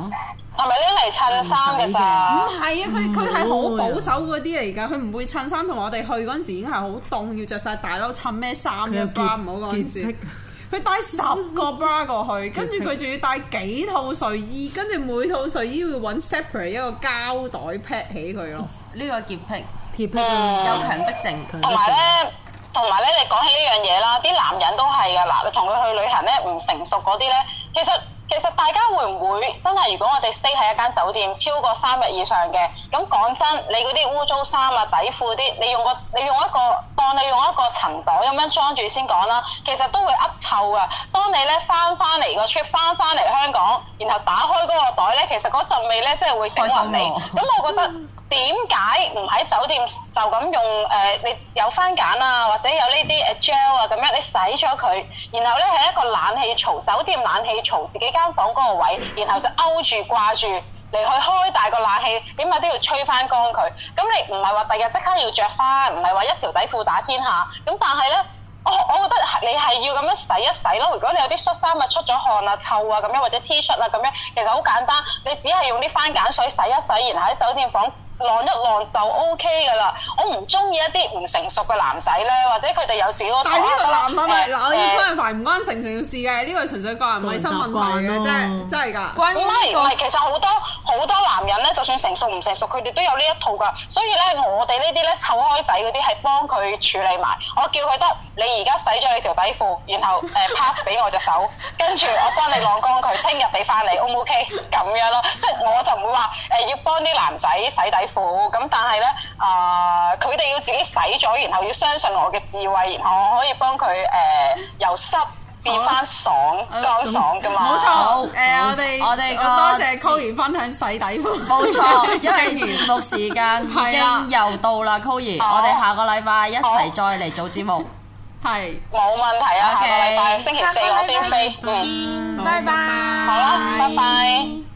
係咪咧嚟襯衫嘅咋？唔係啊，佢佢係好保守嗰啲嚟㗎，佢唔、嗯、會襯衫同我哋去嗰陣時已經係好凍，要着晒大褸，襯咩衫嘅 bra 唔好講件事。佢帶十個 bra 過去，潔癖，潔癖，跟住佢仲要帶幾套睡衣，跟住每套睡衣要揾 separate 一個膠袋 pack 起佢咯。呢、嗯呢個潔癖，潔癖、啊嗯、有強迫症。同埋咧，同埋咧，你講起呢樣嘢啦，啲男人都係㗎嗱，你同佢去旅行咧，唔成熟嗰啲咧，其實。其實大家會唔會真係？如果我哋 stay 喺一間酒店超過三日以上嘅，咁講真，你嗰啲污糟衫啊、底褲啲，你用個你用一個當你用一個塵袋咁樣裝住先講啦，其實都會噏臭㗎。當你咧翻翻嚟個 trip，翻翻嚟香港，然後打開嗰個袋咧，其實嗰陣味咧真係會整爛你。咁我，我覺得。嗯點解唔喺酒店就咁用誒、呃？你有番梘啊，或者有呢啲誒 gel 啊，咁樣你洗咗佢，然後咧喺一個冷氣槽，酒店冷氣槽自己間房嗰個位，然後就勾住掛住嚟去開大個冷氣，點解都要吹翻乾佢。咁你唔係話第日即刻要着翻，唔係話一條底褲打天下。咁但係咧，我我覺得你係要咁樣洗一洗咯。如果你有啲恤衫啊出咗汗啊臭啊咁樣，或者 T 恤啊咁樣，其實好簡單，你只係用啲番梘水洗一洗，然後喺酒店房。晾一晾就 O K 噶啦，我唔中意一啲唔成熟嘅男仔咧，或者佢哋有自己嗰但係呢個男啊咪鬧你翻去煩唔安成就要事嘅，呢個、呃、純粹個人衛生問題啊，真真係㗎。唔係唔係，其實好多好多男人咧，就算成熟唔成熟，佢哋都有呢一套㗎。所以咧，我哋呢啲咧湊開仔嗰啲係幫佢處理埋。我叫佢得你而家洗咗你條底褲，然後誒、呃、 pass 俾我隻手，跟住我幫你晾乾佢，聽日俾翻你，O 唔 O K？咁樣咯，即、就、係、是、我就唔會話誒、呃、要幫啲男仔洗底褲咁，但係咧，誒，佢哋要自己洗咗，然後要相信我嘅智慧，然後我可以幫佢誒，由濕變翻爽，夠爽噶嘛？冇錯，誒，我哋我哋多謝 K 分享洗底褲，冇錯，因為節目時間已經又到啦，K，我哋下個禮拜一齊再嚟做節目，係冇問題啊，下個禮拜星期四我先飛，嗯，拜拜，好啦，拜拜。